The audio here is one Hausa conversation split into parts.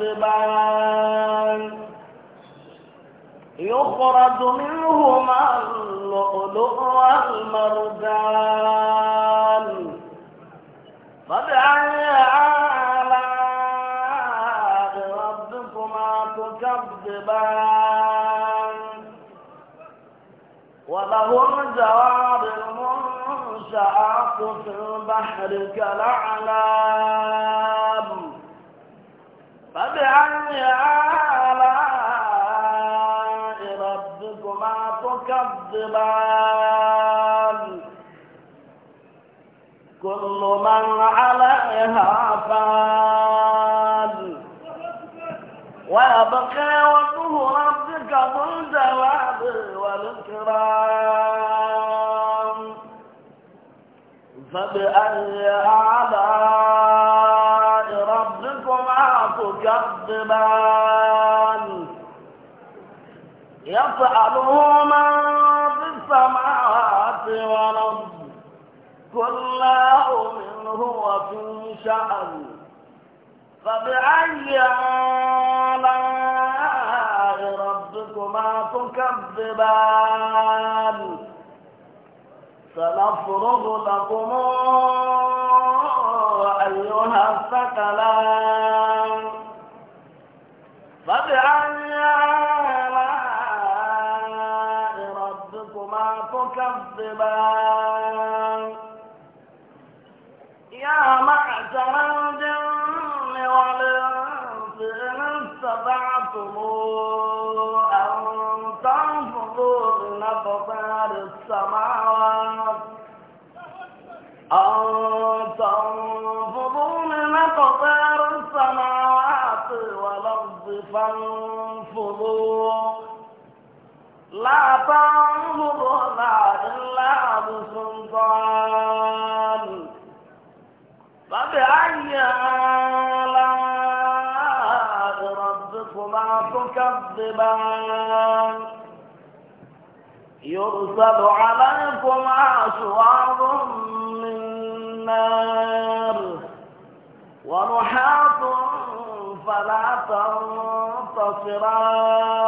يخصمان يخرج منهما اللؤلؤ والمرجان فبأي آلاء ربكما تكذبان وله الجواب المنشآت في البحر كالأعلام فبأي آلاء ربكما تكذبان كل من عليها فان ويبقى وجه ربك ذو الجلال والإكرام فبأي آلاء كذبان يسألهما في السماوات والأرض كل يوم هو في شأن فبأي آلاء ربكما تكذبان سنفرغ لكم أيها الثقلان فبأي آلاء ربكما تكذبان يا معشر الجن والإنس إن استطعتموه لا تنظرون إلا بسلطان فبأي آلاء ربكما تكذبان يرسل عليكما شواظ من نار ونحاط فلا تنتصران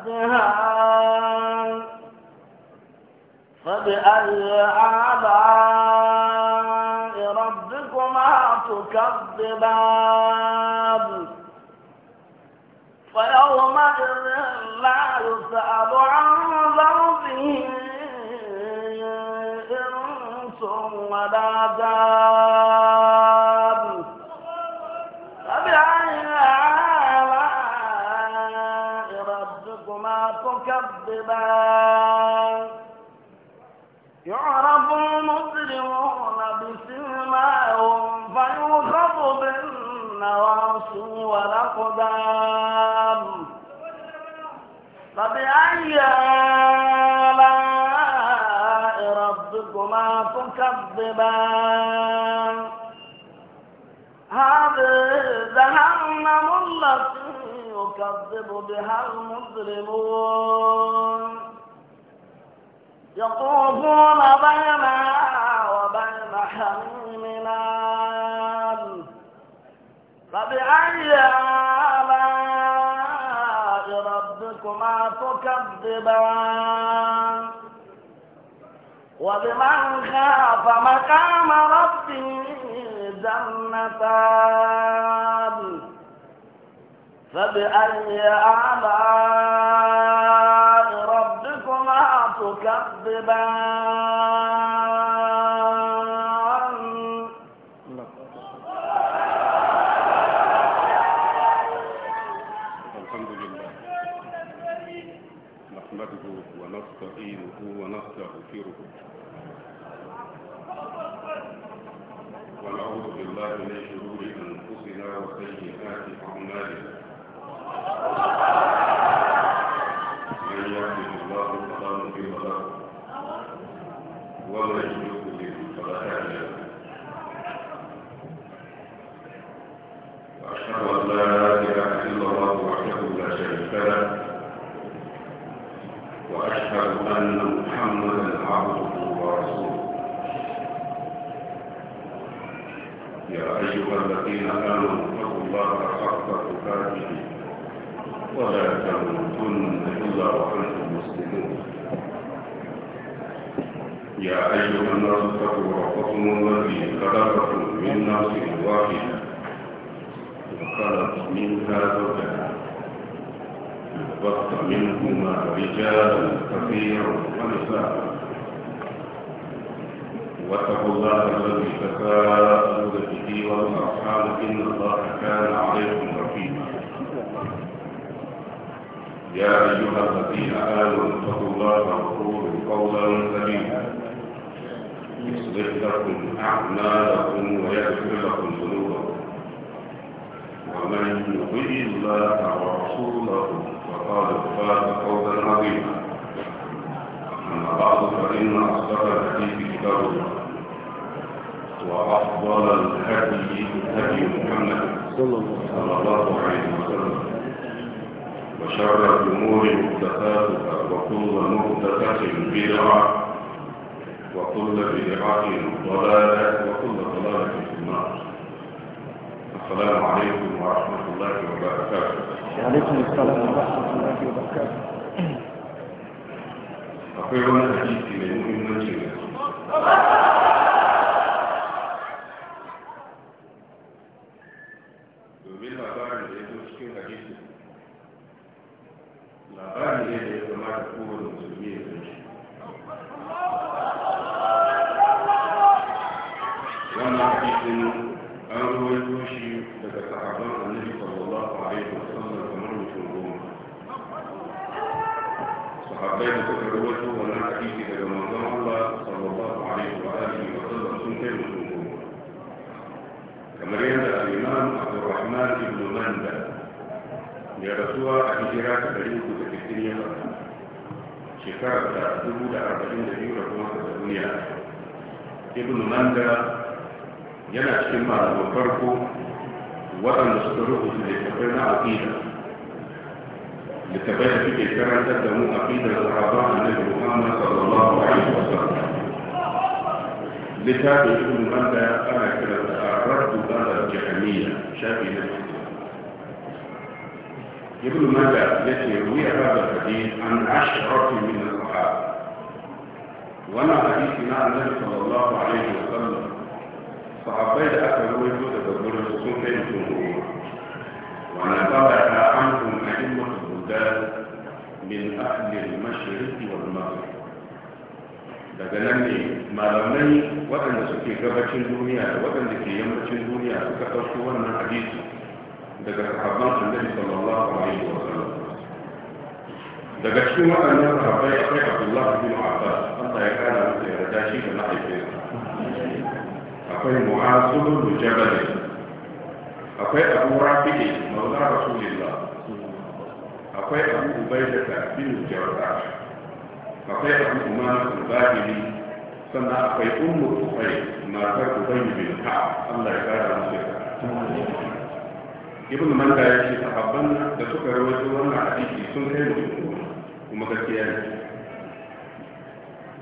الدهان فبأي آباء ربكما تكذبان فيومئذ لا يسأل عن ذنبه إنس ولا والأقدام فبأي آلاء ربكما تكذبان هذه جهنم التي يكذب بها المجرمون يطوفون بينها وبين حميم فبأي آلاء ربكما تكذبان ولمن خاف مقام ربه جنتان فبأي آلاء ربكما تكذبان وقت منهما رجال كثير ونساء واتقوا الله الذي تساءلون به والارحام ان الله كان عليكم رقيبا يا ايها الذين امنوا اتقوا الله وقولوا قولا سليما يصلح لكم اعمالكم ويغفر لكم ذنوبكم ومن يطع الله ورسوله فقد فاز فوزا عظيما أما بعد فإن أصدق الحديث كتاب الله وأفضل الهدي هدي محمد صلى الله عليه وسلم وشر الأمور محدثاتها وكل محدثة بدعة وكل بدعة ضلالة وكل ضلالة في النار السلام عليكم ورحمة الله وبركاته alaikum assalam wa rahmatullahi wa barakatuh akwai domin labarin da ya zo cikin hadisi labarin ne da ya kamata kowane musulmi ya san kamar yadda al'imam abdurrahman ibn manda ya rasuwa a hijira ta ɗari uku da fitin ya Shekara ta dubu da arba'in da biyu da kuma ta duniya ibn manda yana cikin malaman farko waɗanda suka rubuta littattafai na aƙida littattafai da suke karantar da mu aƙidar sahaba annabi muhammad sallallahu alaihi wasallam littafin ibn manda ana kiran تركت بقى الجهمية شافي نفسي ابن ماجه التي روي هذا الحديث عن عشرة من الصحابة وانا حديث مع النبي صلى الله عليه وسلم صحابي ده اكل هو يجوز تدبر الرسول كيف يكون وانا طبعا عنهم ائمة البلدان من اهل المشرق والمغرب daga nan ne malamai waɗanda suke gabacin duniya da waɗanda ke yammacin duniya suka ɗauko wannan hadisi daga sahabban annabi sallallahu alaihi wa sallam daga cikin waɗannan sahabbai akwai abdullahi bin abbas Allah ya kara masa yarda shi da mahaifinsa akwai bin Jabal akwai abu rafi'i maula rasulillah akwai abu ubaidata bin jarrah akwai abu kuma zahiri sannan akwai ummu kufai matar ne bin ka Allah ya kara musu ibn manda ya ce sahabban da suka rawaito wannan hadisi sun kai mutum kuma gaskiya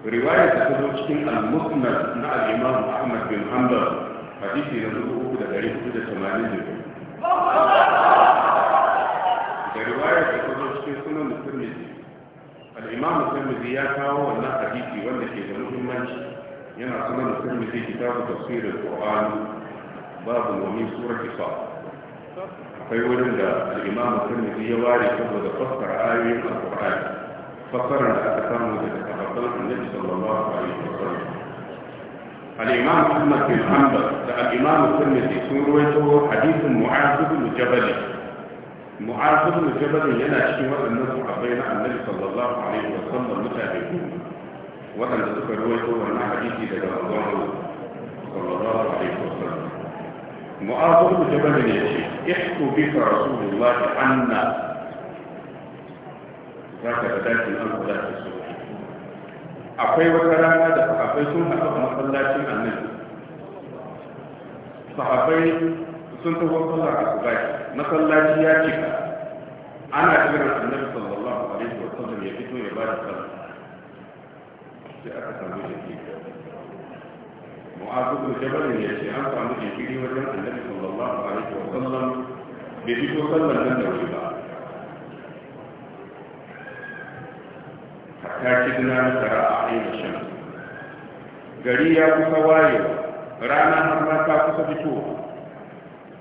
ne riwaya ta zo cikin al-musnad na al-imam Ahmad bin Hanbal hadisi na 3480 da riwaya ta zo cikin sunan Tirmidhi الإمام الترمذي يكاو أن حديث يولد في بلوغ المنش ينا سنن الترمذي كتاب تفسير القرآن باب ومن سورة صاد فيقول أن الإمام الترمذي يواري قبل فسر آية القرآن فسر الأحكام التي تتقبلها النبي صلى الله عليه وسلم الإمام أحمد بن حنبل الإمام الترمذي سوره حديث معاذ بن جبل mu'az ibn jabal yana cikin waɗannan sahabbai na annabi sallallahu alaihi wa sallam mutane ku waɗanda suka rawaito wannan hadisi daga Allah sallallahu alaihi wa sallam mu'az ibn jabal ne ya ce ihku bika rasulullahi anna zaka da dakin an kula da su akwai wata rana da sahabbai sun haɗu a masallacin annabi sahabbai sun taho sallar asuba masallaci ya cika ana jiran annabi sallallahu alaihi wa sallam ya fito ya bada sallah sai aka samu shakki mu'azu bin jabal ya ce an samu jinkiri wajen annabi sallallahu alaihi wa sallam bai fito sallar nan da wuri ba hatta kidna na tara a ainihin shan gari ya kusa waye rana har ma ta kusa fitowa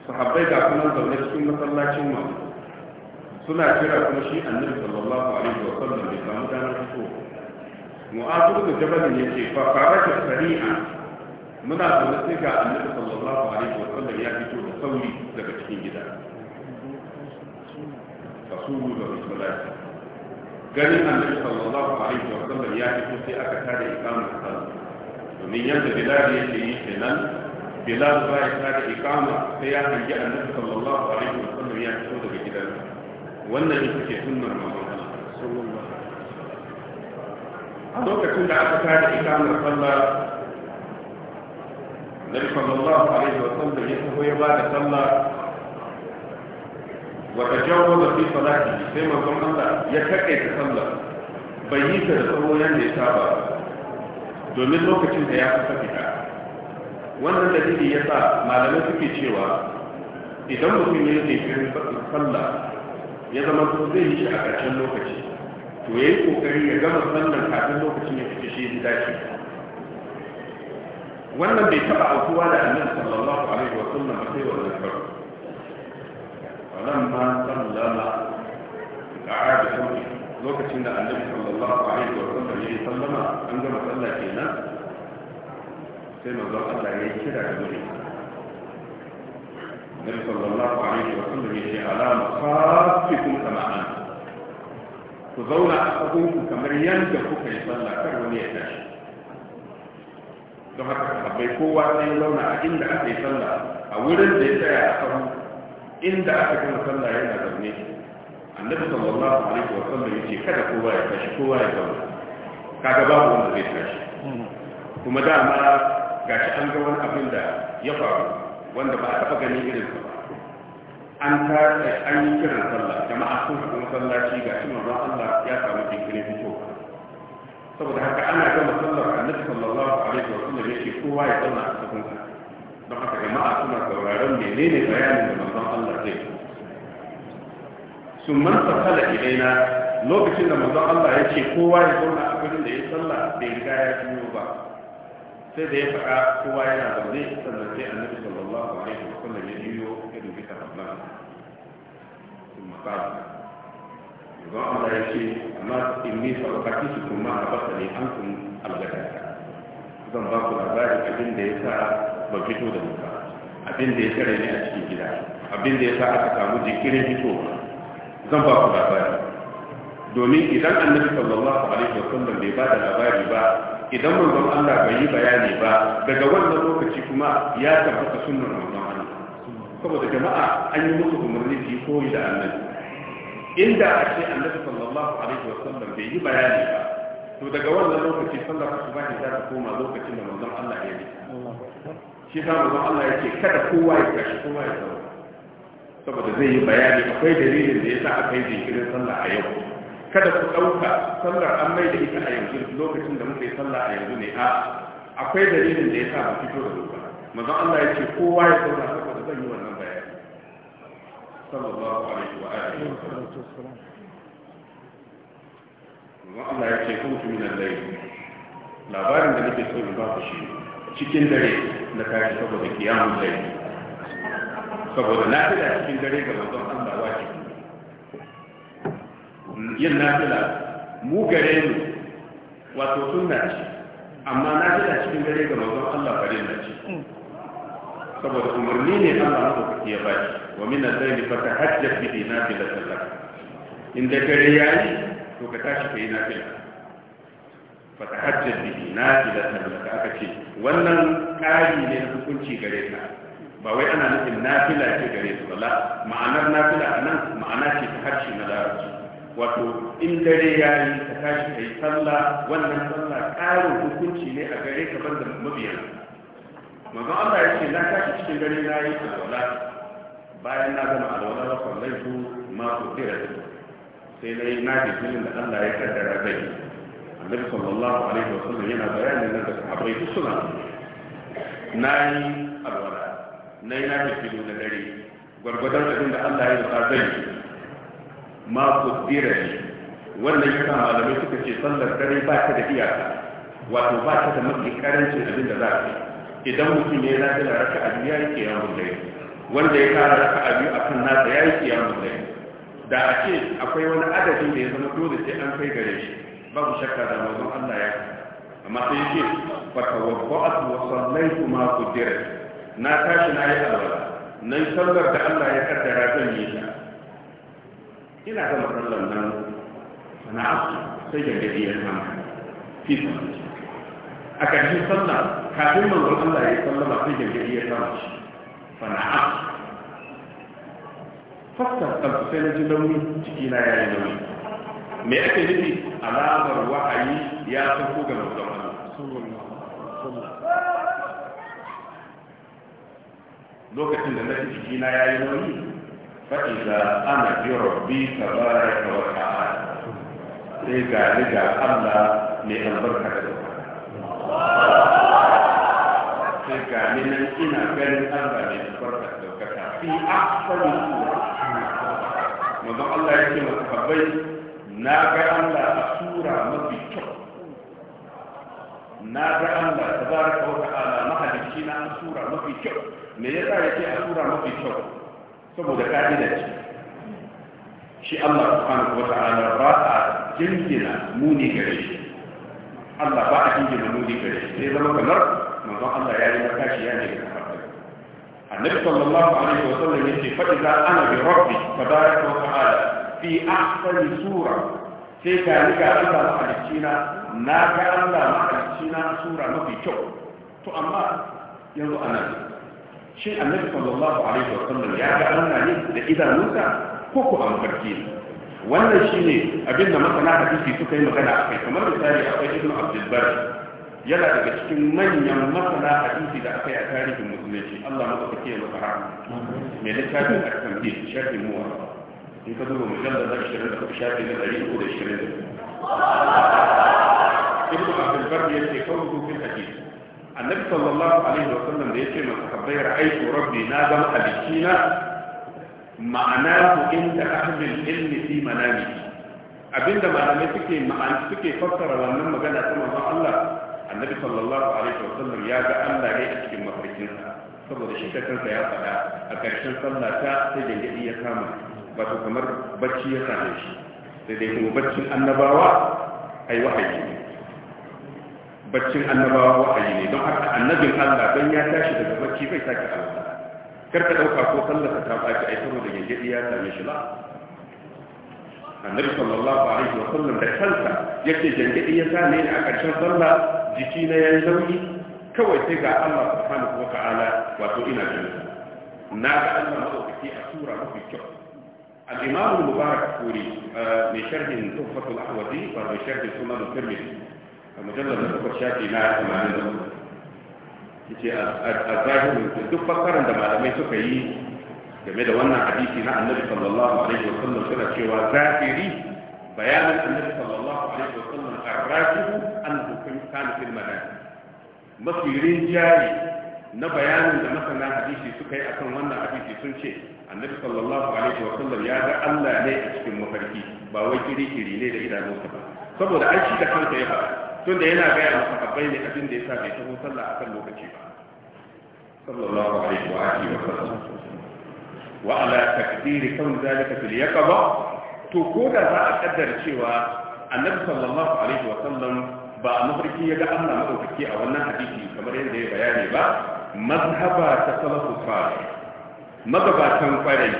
sahabbai da kuma zaune cikin masallacin mu suna kira kuma shi annabi sallallahu alaihi wa sallam bai samu damar fito mu'azu da jabalin ce fa faraka sari'a muna zaune sai ga annabi sallallahu alaihi wa sallam ya fito da sauri daga cikin gida rasulu da masallaci ganin annabi sallallahu alaihi wa sallam ya fito sai aka tada ikamar sallah domin yadda bilal yake yi kenan bilal ba ya tada ikama sai ya hangi annabi sallallahu alaihi wa sallam ya fito daga gidan wannan ita ce sunnar manzon Allah sallallahu a lokacin da aka tada ikamar sallah Nabi sallallahu alaihi wa sallam ya taho ya bada sallah wa tajawwaza fi salati sai manzon Allah ya takaita sallah bai yi ta da tsawo yanda ya saba domin lokacin da ya fita wannan dalili ya sa malamai suke cewa idan mutum ya yi fi sallah ya zama su zai yi shi a ƙarshen lokaci to ya yi ƙoƙari ya gama sannan kafin lokacin ya fice shi ya dace wannan bai taɓa aukuwa da annabi sallallahu alaihi wa sallam sai wa zakar wannan ma sallama da arabi lokacin da annabi sallallahu alaihi wa sallam ya yi sallama an gama sallah kenan sai mazan Allah ya yi kira da gure Nabi sallallahu alaihi wa sallam ya ce alama khafikum kun an ku zauna a ku kamar yadda kuka yi sallah kar wani ya tashi don haka sahabbai kowa sai zauna a inda aka yi sallah a wurin da ya tsaya a sahu inda aka gama sallah yana zaune annabi sallallahu alaihi wa sallam ya ce kada kowa ya tashi kowa ya zauna kaga babu wanda zai tashi kuma dama gashi an ga wani abin da ya faru wanda ba a taɓa ganin irin ba an tare an yi kiran sallah jama'a sun haɗu masallaci ga shi manzon Allah ya samu jinkirin fito saboda haka ana gama sallar annabi sallallahu alaihi wa sallam yake kowa ya zauna a cikin sa don haka jama'a suna sauraron menene bayanin da manzon Allah zai yi sun manta sala ilaina lokacin da manzon Allah ya ce kowa ya zauna a cikin da ya sallah bai riga ya ba sai da ya faɗa kowa yana zaune sannan sai annabi sallallahu alaihi wa sallam ya juyo ya dubi sahabban da makara yanzu Allah ya ce amma in ni sabakati su kuma a basa ne an kun algada zan ba ku labarin abin da ya sa ba fito da muka abin da ya kare ni a cikin gida abin da ya sa aka samu jikirin fitowa zan ba ku labari domin idan annabi sallallahu alaihi wa sallam bai ba da labari ba idan manzon Allah bai yi bayani ba daga wannan lokaci kuma ya tabbata sunnar manzon Allah saboda jama'a an yi musu umarni su yi koyi da annabi inda a ce annabi sallallahu alaihi wasallam bai yi bayani ba to daga wannan lokaci sallar asuba ne za ta koma lokacin da manzon Allah ya yi shi ta manzon Allah ya ce kada kowa ya tashi kowa ya saboda zai yi bayani akwai dalilin da ya yasa aka yi jinkirin sallah a yau kada ku ɗauka sallar an mai da ita a yanzu lokacin da muka yi sallah a yanzu ne a akwai dalilin da ya sa ba fito da ruwa manzon Allah ya ce kowa ya zauna saboda zan yi wannan bayani sallallahu alaihi wa alihi wa sallam manzon Allah ya ce mutum min al labarin da nake so in ba ku shi cikin dare na tashi saboda kiyamun layl saboda na fita cikin dare ga manzon Allah wajibi yin nafila mu gare mu wato sunna ce amma nafila cikin gare ga mazan Allah bare na ce mm. saboda umarni ne Allah madaukaki ya baki wa min zai ne fata hajjar nafilatan nafila sallar. Inda gare ya yi, to ka tashi ka yi nafila fatahajjat nafila sallar ka aka ce wannan kari ne na hukunci gare ka ba wai ana nufin nafila ce gare su ba ma'anar nafila nan ma'ana ce ta harshe na larabci wato in dare ya yi ka tashi ka sallah wannan sallah ƙarin hukunci ne a gare ka banda mabiya manzon Allah ya ce na tashi cikin dare na yi alwala bayan na gama alwala wa sallaitu ma kutira sai na yi na filin da Allah ya kaddara zai annabi sallallahu alaihi wa sallam yana bayanin nan da sahabbai su suna na yi alwala na yi na filin da dare gwargwadon abin da Allah ya yi zai ma kuddira ne wannan yasa malamai suka ce sallar dare ba ta da iyaka wato ba ta da mafi karancin abin da za ta yi idan mutum ne na gina raka a ya yi kiyamun dare wanda ya kara raka a kan nasa ya yi kiyamun dare da a ce akwai wani adadin da ya zama dole sai an kai gare shi babu shakka da mazan Allah ya amma sai ce fa tawabba'at wa sallaytu ma kuddira na tashi na yi alwala nan sallar da Allah ya kaddara zan yi ta ina ga matsalar nan na sai ya gari ya zama fi sanar a ƙarshen sallah kafin manzon Allah ya sallama sai ya gari ya zama shi fana'a fasta kansu sai na ji nauyi ciki na ya yi nauyi me ake nufi alamar wa'ayi ya sauko ga manzon Allah lokacin da na ji ciki na ya yi nauyi فإذا أنا بربي تبارك وتعالى لقى لقى الله لأنبرك لقى من إنا بين الله لأنبرك في أحسن صورة منذ الله يكلم الصحابي ناقى الله صورة مبي na ga Allah تبارك وتعالى ta'ala mahalicci na sura mafi kyau me yasa yake a sura mafi saboda ka'ida ce shi Allah subhanahu wa ta'ala ba a jingina muni gare shi Allah ba a jingina muni gare shi sai zama kamar manzon Allah ya yi makashi ya ne ga النبي صلى الله عليه وسلم يقول فإذا أنا بربي تبارك وتعالى في أحسن سورة sai ka riga Allah mahalicina na ga Allah mahalicina sura mafi kyau to amma yanzu ana شيء النبي صلى الله عليه وسلم يعني أننا نبدأ إذا نسى كوكو أم فركين وأنا شيء أبدنا مثلا هذا في سكين مغانا أخي كما بتالي أخي ابن عبد البر يلا تبشكين من يم مثلا هذا في أخي أتاري في المسلمين الله مضى فكي المطرح ملكة أكثم دي شاك الموى انتظروا مجلد ذلك الشرين أخي شاك الذين أولي الشرين ابن عبد البر يلي قوله في الحديث annabi sallallahu alaihi wa sallam da yake masa kabbai ra'aytu rabbi na ga Ma'ana ma'anahu inda ahlul ilmi fi manami abinda malamai suke ma'ana suke fassara wannan magana ta manzon Allah annabi sallallahu alaihi wa sallam ya ga Allah ne a cikin mafarkinsa saboda shi ta kansa ya faɗa a ƙarshen sallah ta sai da gangadi ya kama Ba wato kamar bacci ya same shi sai dai kuma baccin annabawa ai wahayi ne baccin annabawa wa'ayi ne don haka annabin Allah don ya tashi daga bacci bai sake alwala kar ka dauka ko sallaka ta baki ai saboda gangadi ya same shi la annabi sallallahu alaihi wa sallam da kansa yake gangadi ya same ni a karshen sallah jiki na yayi nauyi kawai sai ga Allah subhanahu wa ta'ala wato ina jinsa na ga Allah madaukaki a sura mafi kyau الإمام المبارك السوري من شرح تحفة الأحوذي ومن شرح سنن الترمذي a mujallar da suka shafi na tamanin da ce a zahirin duk bakarar da malamai suka yi game da wannan hadisi na annabi sallallahu alaihi wa sallam suna cewa zahiri bayanin annabi sallallahu alaihi wa sallam arrajihu annahu kana fil madan mafi rinjaye na bayanin da masana hadisi suka yi akan wannan hadisi sun ce annabi sallallahu alaihi wa sallam ya ga Allah ne a cikin mafarki ba wai kiri-kiri ne da idanunsa ba saboda an shi da kanka ya faɗa tunda yana gaya masa kabai ne abin da ya sa bai taho sallah a kan lokaci ba sallallahu alaihi wa alihi wa sallam wa ala takdiri kan zalika fil yaqaba to ko da za a kaddara cewa annabi sallallahu alaihi wa sallam ba a mafarki ya ga Allah madaukaki a wannan hadisi kamar yadda ya bayani ba mazhaba ta salafu salih magabatan kwarai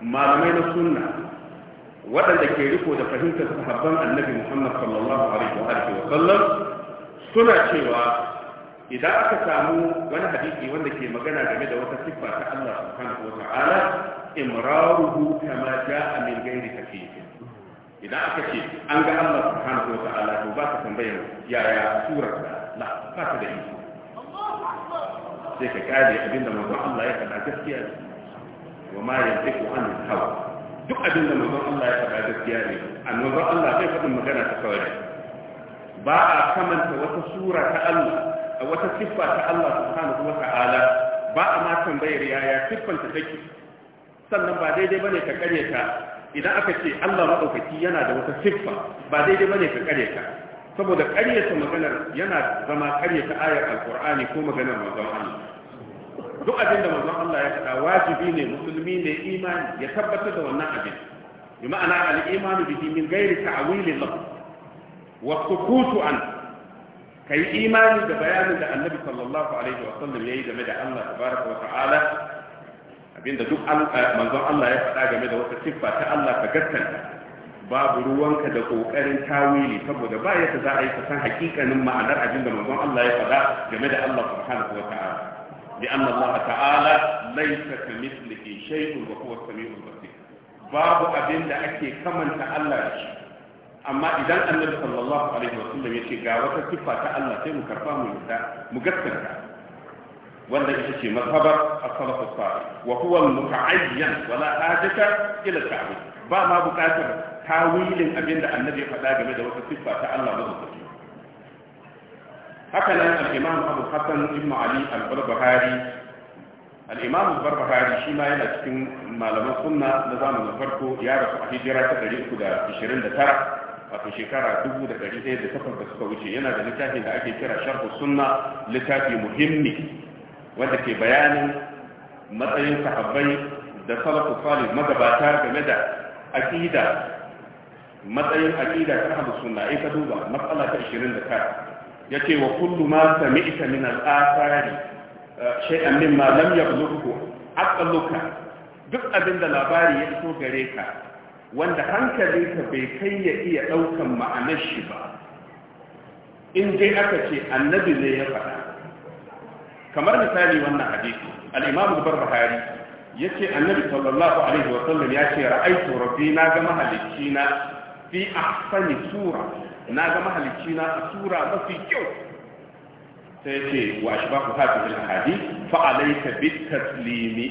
malamai na sunna waɗanda ke riko da fahimtar sahabban annabi Muhammad sallallahu alaihi wa sallam suna cewa idan aka samu wani hadisi wanda ke magana game da wata siffa ta Allah subhanahu wa ta'ala imraruhu kama ja'a min ghairi tafsir idan aka ce an ga Allah subhanahu wa ta'ala to ba ka tambayar yaya surar da la ba ka da iko sai ka kare abinda manzon Allah ya faɗa gaskiya wa ma yantiqu anil hawa duk abin da manzon Allah ya faɗa gaskiya ne annabi Allah zai faɗin magana ta kawai ba a kamanta wata sura ta Allah wata siffa ta Allah subhanahu wa ta'ala ba a ma tambayar yaya siffanta take sannan ba daidai bane ka karyata idan aka ce Allah maɗaukaki yana da wata siffa ba daidai bane ka karyata saboda karyata maganar yana zama karyata ayar alkur'ani ko maganar manzon Allah duk abin da manzon Allah ya faɗa wajibi ne musulmi ne imani ya tabbatar da wannan abin bi ma'ana al-imanu bihi min ghairi ta'wilin lahu wa sukutu an kai imani da bayanin da annabi sallallahu alaihi wa sallam yayi game da Allah tabaraka wa ta'ala abinda duk eh, manzon Allah ya faɗa game da wata siffa ta Allah ka gaskanta babu ruwanka da kokarin tawili saboda ba yadda za a yi ka san hakikanin ma'anar abin da manzon Allah ya faɗa game da Allah subhanahu wa ta'ala لأن الله تعالى ليس كمثله شيء وهو السميع البصير babu abin da ake kamanta Allah da shi amma idan annabi sallallahu alaihi wa sallam yace ga wata siffa ta Allah sai mu karfa mu mu gaskanta wanda ita ce mazhabar as-salaf as-salih wa huwa al-muta'ayyan wa la ba ma bukatar tawilin abinda annabi ya faɗa game da wata siffa ta Allah ba haka nan al abu hassan ibn ali al-barbahari al shi ma yana cikin malaman sunna na zamanin farko ya rasu a hijira ta 329 wato shekara 1108 da suka wuce yana da littafin da ake kira sharhu sunna littafi muhimmi wanda ke bayanin matsayin sahabbai da salafu salih magabata game da aqida matsayin aqida ta ahlus sunna ai ka duba matsala ta 29 yace wa kullu ma sami'ta min al-athari eh, shay'an mimma lam yablughu aqluka duk abinda labari ya iso gare ka wanda ka bai kai ya iya daukan ma'anar shi ba in dai aka ce annabi ne ya faɗa kamar misali wannan hadisi al-imam al-barbahari yace annabi sallallahu alaihi wa sallam ya ce ra'aytu rabbi na ga mahalicci na fi ahsani sura na ga mahalicci na a sura mafi kyau sai ce wa shi ba ku hafi bil hadi fa alayka bit taslimi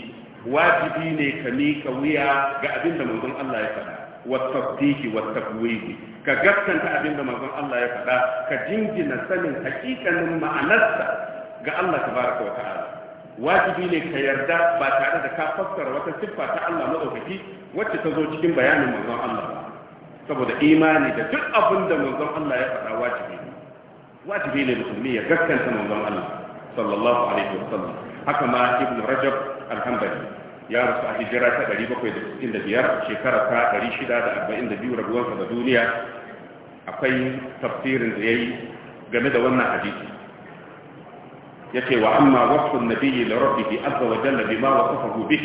wajibi ne ka mika wuya ga abin da manzon Allah ya faɗa wa tasdiqi wa taqwimi ka gaskanta abin da manzon Allah ya faɗa ka jingina sanin hakikanin ma'anarsa ga Allah tabaraka wa ta'ala wajibi ne ka yarda ba tare da ka fassara wata siffa ta Allah madaukaki wacce ta zo cikin bayanin manzon Allah saboda imani da duk abin da manzon Allah ya faɗa wajibi ne wajibi ne musulmi ya gaskanta manzon Allah sallallahu alaihi wasallam haka ma ibn rajab al-hanbali ya rasu a hijira ta 765 shekara ta 642 rabuwarsa da duniya akwai tafsirin da yayi game da wannan hadisi yace wa amma wasfun nabiyyi li rabbihi azza wa jalla bima wasafahu bih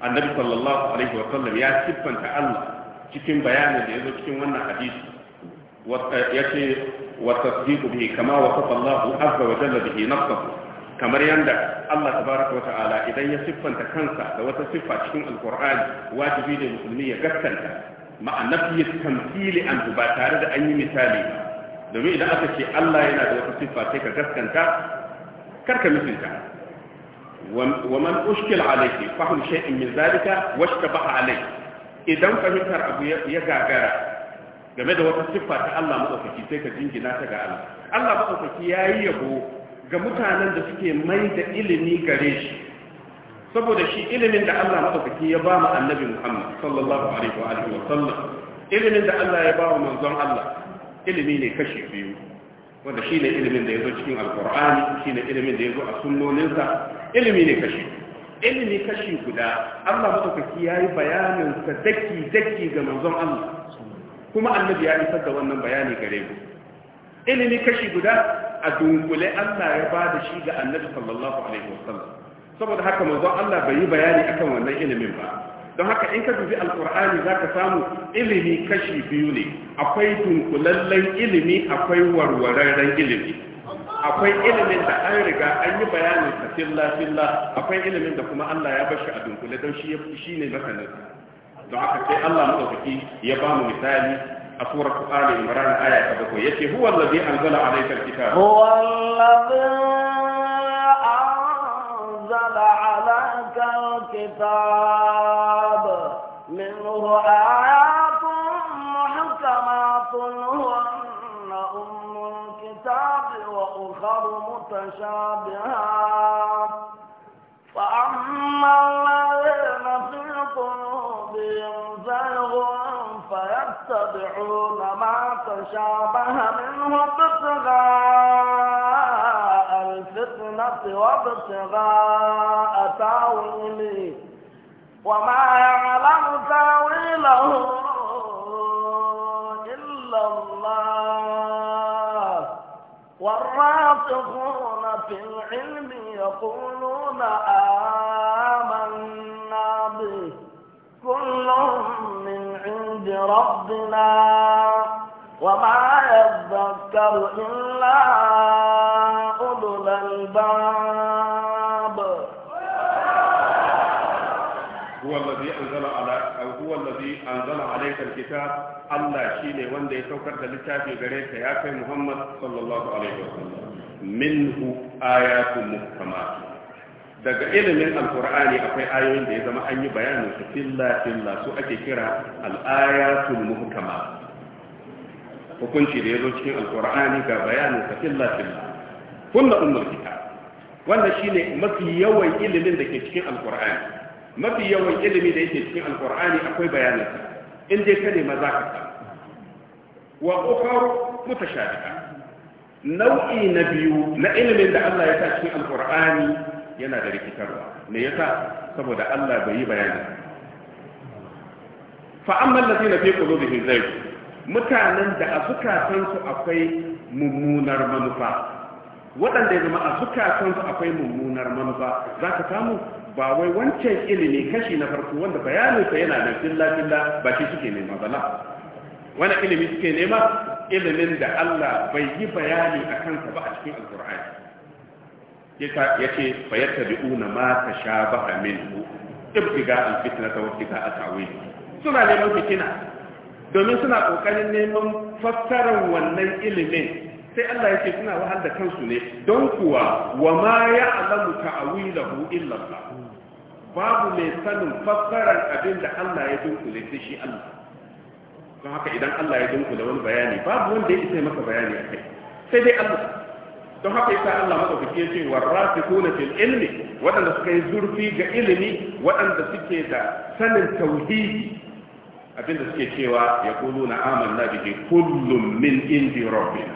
annabi sallallahu alaihi wa sallam ya siffanta Allah cikin bayanin da ya zo cikin wannan hadisi ya ce wa tasdiqu bihi kama wasafa Allah azza wa jalla bihi nafsahu kamar yanda Allah tabaraka wa ta'ala idan ya siffanta kansa da wata siffa cikin alqur'ani wajibi ne musulmi ya gaskanta ma'anafi tamthili an ba tare da an yi misali domin idan aka ce Allah yana da wata siffa sai ka gaskanta karka misinta ومن أشكل عليه فهم شيء من ذلك واشتبه عليه idan fahimtar abu ya gagara game da wata siffa ta Allah maɗaukaki sai ka jingina ta ga Allah Allah maɗaukaki ya yi yabo ga mutanen da suke mai da ilimi gare shi saboda shi ilimin da Allah maɗaukaki ya ba mu annabi Muhammad sallallahu alaihi wa wa sallam ilimin da Allah ya ba wa manzon Allah ilimi ne kashi biyu wanda shi ne ilimin da ya zo cikin alkur'ani shi ne ilimin da ya zo a sunnoninsa ilimi ne kashi ilimi kashi guda Allah ya yi bayanin sa daki daki ga manzon Allah kuma annabi ya isar da wannan bayani gare mu ilimi kashi guda a dunkule Allah ya bada shi ga annabi sallallahu alaihi wasallam saboda haka manzon Allah bai yi bayani akan wannan ilimin ba don haka in ka dubi alkur'ani za ka samu ilimi kashi biyu ne akwai dunkulallen ilimi akwai warwararren ilimi akwai ilimin da an riga an yi bayanin ta filla filla akwai ilimin da kuma Allah ya bar shi a dunkule don shi shi ne masanin don haka sai Allah madaukaki ya ba mu misali a suratu Ali Imran aya ta 7 yace huwa allazi anzala alayka alkitaba huwa allazi anzala alayka alkitaba minhu ayatun متشابهات فأما الذين في قلوبهم زيغ فيتبعون ما تشابه منه ابتغاء الفتنة وابتغاء تاويله وما يعلم تاويله إلا الله والراسخون في العلم يقولون آمنا به كل من عند ربنا وما يذكر إلا أولو الألباب huwa allazi anzala ala huwa allazi anzala alayka wanda ya saukar da littafi gare ka ya kai Muhammad sallallahu alaihi wasallam minhu ayatun muhkamat daga ilimin alkur'ani akwai ayoyin da ya zama an yi bayanin filla filla su ake kira hukunci da ya zo cikin alkur'ani ga bayanin filla filla kunna ummul kitab wannan shine mafi yawan ilimin da ke cikin alkur'ani mafi yawan ilimi da yake cikin alkur'ani akwai bayanin in dai ka nema za ka samu wa ukhar mutashabiha nau'i na biyu na ilimin da Allah ya sa cikin alkur'ani yana da rikitarwa ne ya sa? saboda Allah bai yi bayani fa amma allazina fi qulubihim zayg mutanen da a zukatansu akwai mummunar manufa waɗanda ya zama a zukatansu akwai mummunar manufa za ka samu ba wai wancan ilimi kashi na farko wanda bayaninsa yana da filla-filla ba shi suke nema ba na wani ilimi suke nema ilimin da Allah bai yi bayani a kansa ba a cikin alkur'ani ya ce fayyata da una ma ta sha ba a minhu ibtiga alfitna ta wabtiga a tawili suna neman fitina domin suna kokarin neman fassarar wannan ilimin sai Allah ya ce suna wahal da kansu ne don kuwa wa ma ya alamu da illa Allah babu mai sanin fassarar abin da Allah ya dunkule sai shi Allah don haka idan Allah ya dunkule wani bayani babu wanda ya isa masa bayani a kai sai dai Allah don haka yasa Allah madaukaki ya ce rasikuna fil ilmi waɗanda suka yi zurfi ga ilimi waɗanda suke da sanin tauhidi abinda suke cewa ya kulu na amanna bihi kullum min indi rabbina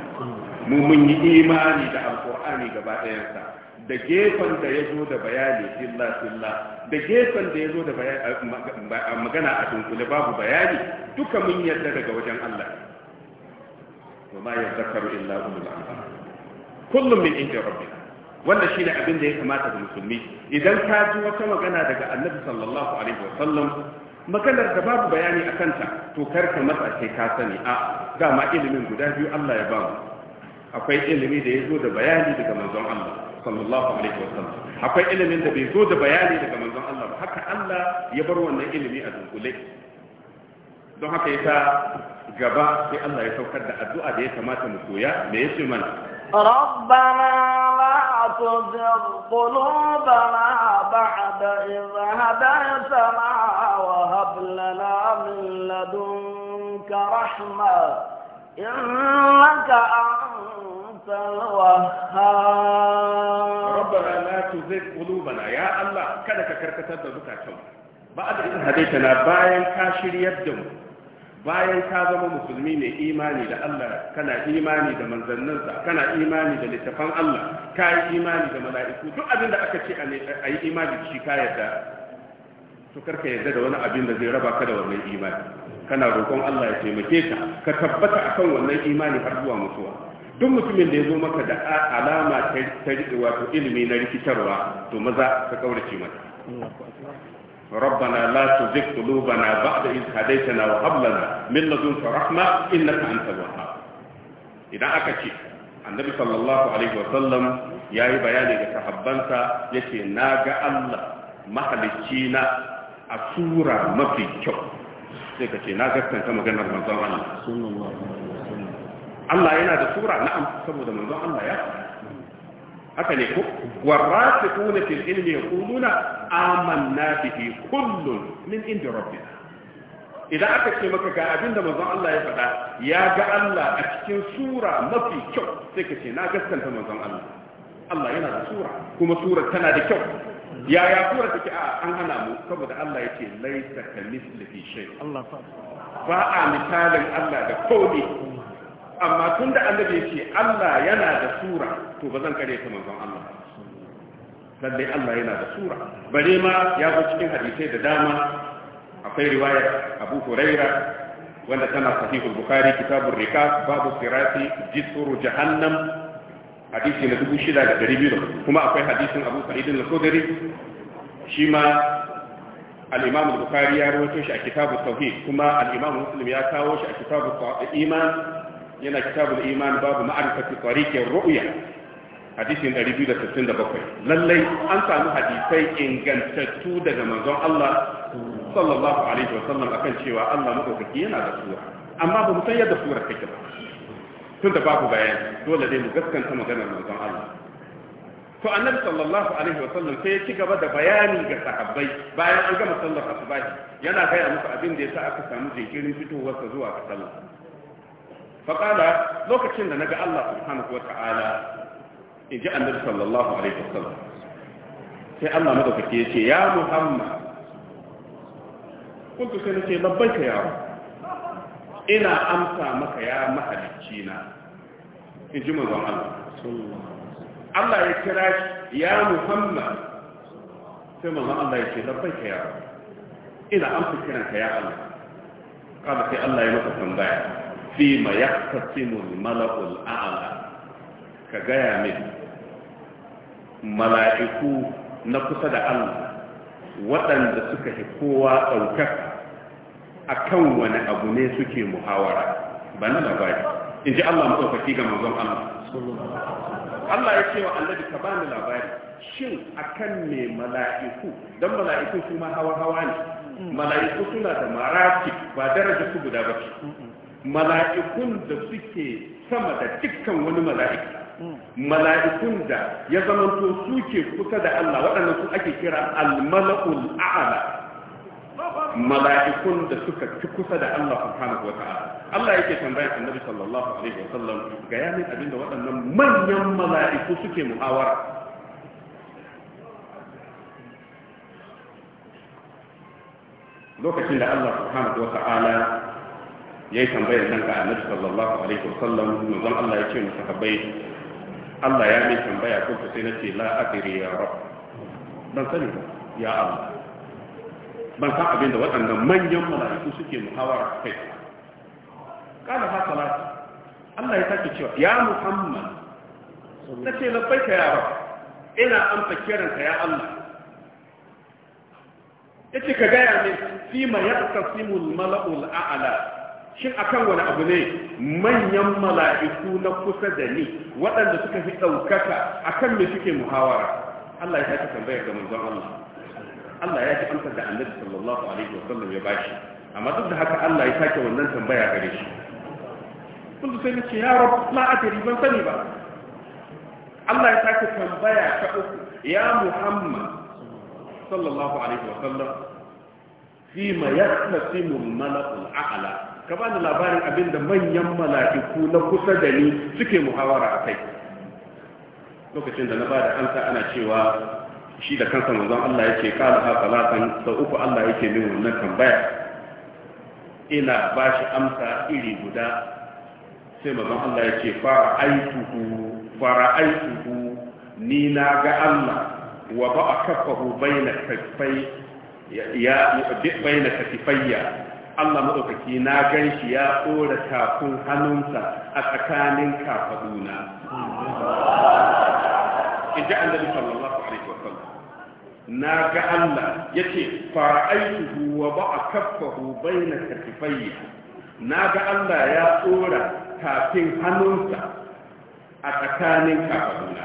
mu mun yi imani da alqur'ani gaba ɗayansa da gefen da ya zo da bayani illa illa da gefen da ya zo da magana a dunkule babu bayani duka mun yadda daga wajen Allah wa ma zakaru illa ulul kullum min inda rabbina wannan shine abin da ya kamata ga musulmi idan ka ji wata magana daga annabi sallallahu alaihi wasallam maganar da babu bayani a kanta to karka masa sai ka sani a dama ilimin guda biyu Allah ya ba mu akwai ilimi da ya zo da bayani daga manzon Allah sallallahu alaihi wasallam akwai ilimin da bai zo da bayani daga manzon Allah ba haka Allah ya bar wannan ilimi a dunkule don haka yasa gaba sai Allah ya saukar da addu'a da ya kamata mu koya me yace mana ربنا لا تزغ قلوبنا بعد إذ هديتنا وهب لنا من لدنك رحمة إنك أنت أنت ربنا لا تزغ قلوبنا kada ka karkatar da zukatan ba da bayan ka shiryar da mu bayan ka zama musulmi mai imani da Allah kana imani da manzanninsa kana imani da littafan Allah ka yi imani da mala'iku duk abin aka ce a yi imani da shi ka yarda to karka yarda da wani abin da zai raba ka da wannan imani kana roƙon Allah ya taimake ka ka tabbata akan wannan imani har zuwa mutuwa duk mutumin da ya zo maka da alama ta wato ilimi na rikitarwa to maza ka kaurace mata ربنا لا تزغ قلوبنا بعد إذ هديتنا وهب لنا من لدنك رحمة إنك أنت الوهاب إذا أكتي النبي صلى الله عليه وسلم يا بياني كتحبنتا يتي ناغا الله مخلصينا أسورة ما في كو سيكتي ناغا كنت مغنى رمضان الله Allah yana da sura na'am saboda manzon Allah ya haka ne ko warasikuna fil ilmi yaquluna amanna bihi kullun min indi rabbina idan aka ce maka ga abinda da manzon Allah ya faɗa ya ga Allah a cikin sura mafi kyau sai ka ce na gaskanta manzon Allah Allah yana da sura kuma sura tana da kyau yaya sura take a an hana mu saboda Allah yake laisa ka mislihi shay Allah ba a misalin Allah da kowa amma tun da annabi ya ce Allah yana da sura to ba zan kare ta manzon Allah lallai Allah yana da sura bare ma ya zo cikin hadisai da dama akwai riwayar Abu Huraira wanda tana sahihul Bukhari kitabur rikab babu sirati jisru jahannam hadisi na dubu shida da dari biyu kuma akwai hadisin Abu Sa'id al-Khudri shi ma al-Imam al-Bukhari ya rawaito shi a kitabu tauhid kuma al-Imam Muslim ya kawo shi a kitabu iman yana kitabul iman babu ma'rifati tariqir ru'ya hadisin 267 lallai an samu hadisai ingantattu daga manzon Allah sallallahu alaihi wa sallam akan cewa Allah madaukaki yana da sura amma ba mu san yadda surar take ba tun da babu bayani dole ne mu gaskanta maganar manzon Allah to annabi sallallahu alaihi wa sallam sai ya ci gaba da bayani ga sahabbai bayan an gama sallar asubahi yana gaya musu abin da yasa aka samu jinkirin fitowar sa zuwa ga sallah faƙala lokacin da na ga Allah subhanahu wa ta'ala in ji annabi sallallahu alaihi wasallam sai Allah madaukake ya ce ya Muhammad kuntu sai nace labbaika ya ina amsa maka ya mahalicci na in ji manzon Allah Allah ya kira shi ya Muhammad sai manzon Allah ya ce labbaika ya ina amsa kiranka ya Allah kada sai Allah ya masa tambaya fi ma a'ala ka gaya min mala'iku na kusa da Allah waɗanda suka fi kowa ɗaukar a kan wani abu ne suke muhawara ba na labari in ji Allah maɗaukaki ga manzon Allah Allah ya ce wa Allah ka bani labari shin akan me mala'iku don mala'iku su ma hawa hawa ne mala'iku suna da maraki ba daraja su guda ba ce mala'ikun da suke sama da dukkan wani mala'iki mala'ikun da ya zamanto suke kusa da Allah waɗannan su ake kira al-mala'ul a'la mala'ikun da suka ci kusa da Allah subhanahu wa ta'ala Allah yake tambayar annabi sallallahu alaihi wa sallam ga ya yamin abinda waɗannan manyan mala'iku suke muhawara lokacin da Allah subhanahu wa ta'ala yayi tambayar nan ga annabi sallallahu alaihi wasallam manzon Allah ya ce ka bai, Allah ya mai tambaya ko ka sai nace la adri ya rab ban sani ba ya Allah ban san abin da waɗannan manyan mala'iku suke muhawara kai kana fa salatu Allah ya sake cewa ya Muhammad nace labbaika ya rab ina amsa kiranka ya Allah yace ka gaya min fima yaqtasimul mala'ul a'la shin akan wani abu ne manyan mala'iku na kusa da ni waɗanda suka fi ɗaukaka akan me suke muhawara Allah ya sake tambayar ga manzon Allah Allah ya ji amsar da Annabi sallallahu alaihi wa sallam ya bashi amma duk da haka Allah ya sake wannan tambaya gare shi kun sai ce ya rab la adri ban sani ba Allah ya sake tambaya ta uku ya Muhammad sallallahu alaihi wasallam fima yaqtasimu al-mala'u al-a'la ka bani labarin abin da manyan mala'iku na kusa da ni suke muhawara a kai lokacin da na ba da ansa ana cewa shi da kansa manzon Allah yake kala ha salatan sau uku Allah yake min wannan tambaya ina ba shi amsa iri guda sai manzon Allah yake fa fara'aituhu ni na ga Allah wa ba kafahu bayna kafai ya bayna kafifayya Allah madaukaki na gan shi ya tsora kafin hannunsa a tsakanin kafaduna in ji annabi sallallahu alaihi wa na ga Allah yace fara'aituhu wa ba'a kaffahu baina katifayya na ga Allah ya tsora kafin hannunsa a tsakanin kafaduna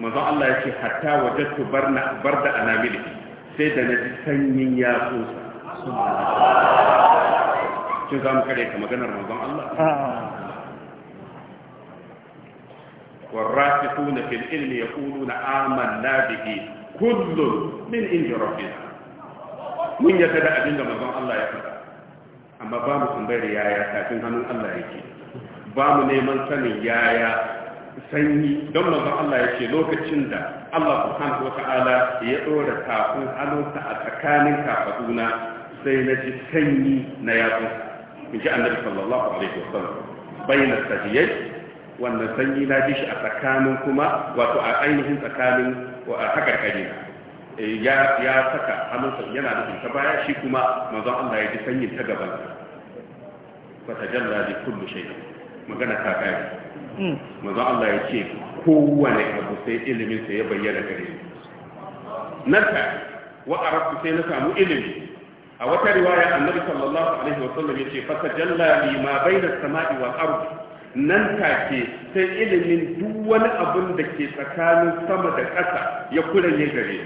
manzo Allah ya yace hatta wajadtu barna da anamili sai da na ji sanyin yatsunsa shin za mu kare ka maganar manzon Allah والراسخون في العلم يقولون آمنا به كل من عند ربنا من يتدى أبين رمضان الله يفعل أما بام تنبير يا يا ساكن هنو الله يكي Ba نيمان neman يا يا sanyi don mazan Allah ya ce lokacin da Allah subhanahu wa ta'ala ya ɗora kafin hannunsa a tsakanin kafaduna sai na ji sanyi na yatsu in ji annabi sallallahu alaihi wasallam bayna sajiyai wannan sanyi na ji shi a tsakanin kuma wato a ainihin tsakanin a kare eh, ya ya saka hannunsa yana da ta baya shi kuma manzon Allah ya ji sanyin ta gaban fa tajalla li kulli shay magana ta kai hmm. manzon Allah ya ce kowane abu sai ilimin sa ya bayyana gare ni nan ta wa arabu sai na samu ilimi a wata riwaya annabi sallallahu alaihi wasallam yace fa tajalla li ma baina samai wal ard nan take sai ilimin duk wani abun da ke tsakanin sama da ƙasa ya kula kuranye gare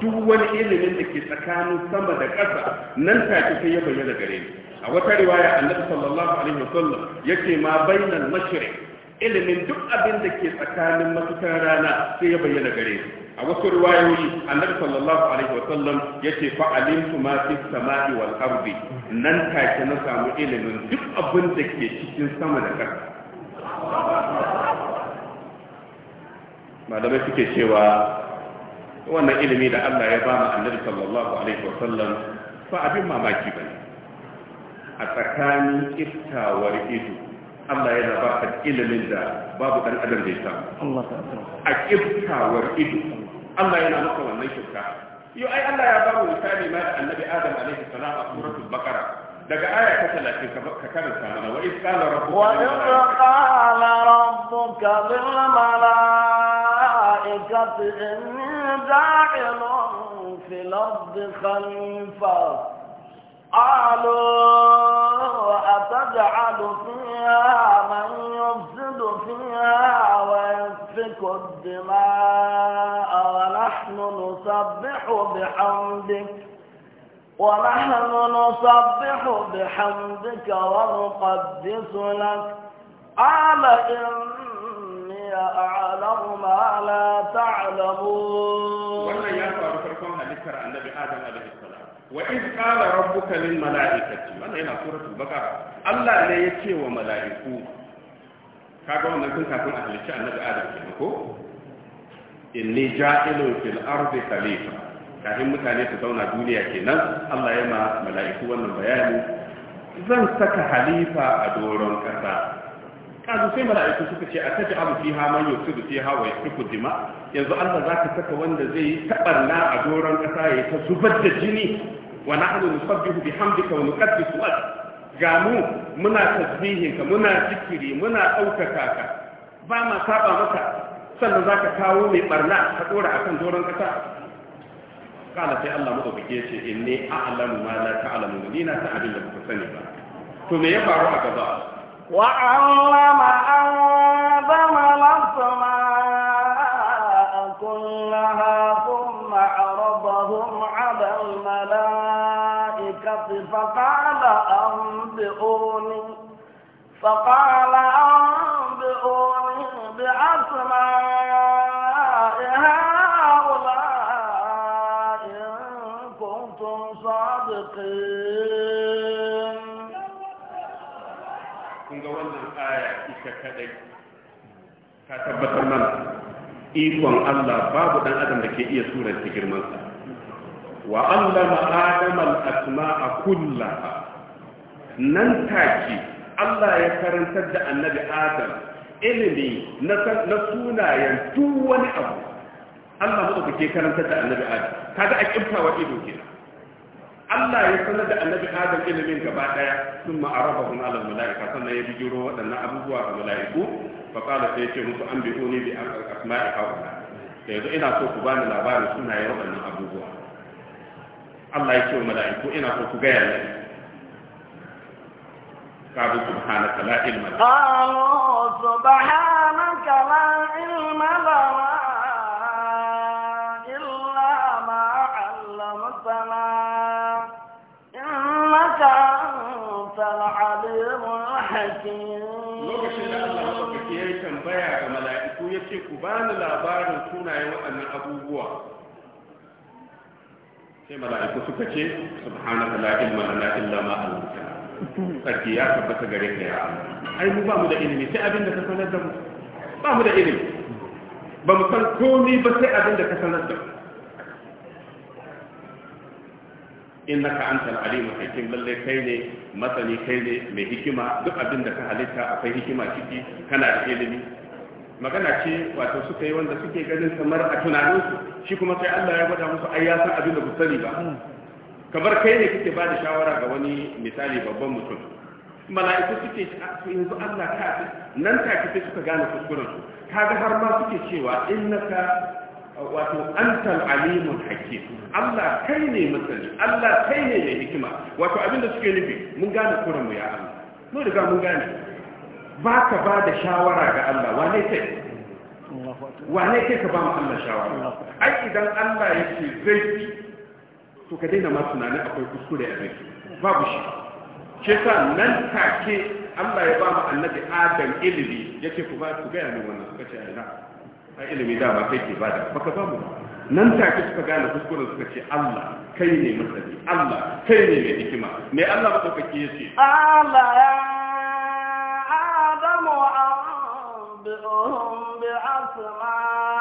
duk wani ilimin da ke tsakanin sama da ƙasa nan take sai ya bayyana gare ni a wata riwaya annabi sallallahu alaihi wasallam yace ma bainal mashriq ilimin duk abin da ke tsakanin mafitar rana sai ya bayyana gare ni a wasu riwayoyi annabi sallallahu alaihi wa sallam yace fa alimtu ma fi samai wal ardi nan take na samu ilimin duk abin da ke cikin sama da ƙasa malamai suke cewa wannan ilimi da Allah ya bama mu annabi sallallahu alaihi wa sallam ba abin mamaki bane a tsakanin iftawar ido Allah yana ba ka ilimin da babu dan adam da ya samu a kiftawar ido Allah yana maka wannan kyauta yau ai Allah ya bamu misali ma da annabi Adam alaihi salam a suratul baqara daga aya ta 30 ka karanta mana wa idh qala rabbuka wa idh qala rabbuka lil malaikati inni ja'ilun fil ardi khalifa قالوا وأتجعل فيها من يفسد فيها ويسفك الدماء ونحن نسبح بحمدك ونحن نسبح بحمدك ونقدس لك قال إني أعلم ما لا تعلمون. wa iz qala rabbuka lil mala'ikati wannan yana suratul baqara Allah ne ya ce wa mala'iku kaga wannan kun kafin a halicci annabi adam kenan ko inni ja'ilun fil ardi khalifa kafin mutane su zauna duniya kenan Allah ya ma mala'iku wannan bayani zan saka halifa a doron kasa kazu sai mala'iku suka ce a taji abu ha man yusudu ha wa yasfiku dima yanzu Allah zaka saka wanda zai tabarna a doron kasa ya ta zubar da jini wa nahnu nusabbihu bihamdika wa nuqaddisu lak ga mu muna tasbihinka muna zikiri muna ɗaukaka ka ba ma saba maka sannan za ka kawo mai barna ka ɗora a kan doron ƙasa kala sai Allah maɗaukake ya ce inni ne a'lamu ma la ta'lamu ni na ta abin da ku sani ba to me ya faru a gaba wa allama an zama lafa ma kullaha أنبئوني فقال أنبئوني بأسماء هؤلاء إن كنتم صادقين كنت أقول الآية إشكالي كتبت من الله باب أن أدم لك إيه سورة تكرمان وعلم آدم الأسماء كلها nan take Allah ya karantar da annabi Adam ilimi na sunayen duk wani abu Allah mu ke karantar da annabi Adam kaga a kimtawa ido kenan Allah ya sanar da annabi Adam ilimin gaba daya sun ma'arafa hun alal mala'ika sannan ya bijiro waɗannan abubuwa ga mala'iku fa qala sai ce musu an bi bi'uni bi asma'i haula da yanzu ina so ku bani labarin sunayen waɗannan abubuwa Allah ya ce wa mala'iku ina so ku gaya ni قالوا سبحانك لا علم لنا قالوا سبحانك لا علم لنا إلا ما علمتنا إنك أنت العليم الحكيم lokacin da Allah maɗaukaki ya yi tambaya ga mala'iku ya ce ku bani labarin sunayen waɗannan abubuwa sai mala'iku suka ce subhanaka la ilma lana illa ma 'allamtana sarki ya tabbata gare ka ya Allah ai mu ba mu da ilimi sai abin da ka sanar da mu ba mu da ilimi ba mu san komai ba sai abin da ka sanar da mu innaka antal alimul hakim lalle kai ne masani kai ne mai hikima duk abin da ka halitta akwai hikima ciki kana da ilimi magana ce wato suka yi wanda suke ganin kamar a tunaninsu shi kuma sai Allah ya gwada musu ai ya san abin da ku sani ba kamar kai ne kuke ba da shawara ga wani misali babban mutum mala'iku suke ah, yanzu Allah ta ka nan take sai suka gane kuskuren su kaga har ma suke cewa innaka wato antal alimul hakim Allah kai ne masani Allah kai ne mai hikima wato abinda suke nufi mun gane kuran mu ya Allah mun riga mun gane ba ka ba da shawara ga Allah wane kai wane kai ka ba mu Allah shawara ai idan Allah yake zai to ka daina masu tunanin akwai kuskure a ciki babu shi ce sa nan take Allah ya ba mu annabi Adam ilimi ce ku ba ku gaya ne wannan suka ce ina a ilimi da ba kai ke bada baka ba mu nan take suka gane kuskuren suka ce Allah kai ne masani Allah kai ne mai hikima me Allah ba ke yace Allah ya Adamu wa bi'uhum bi'asma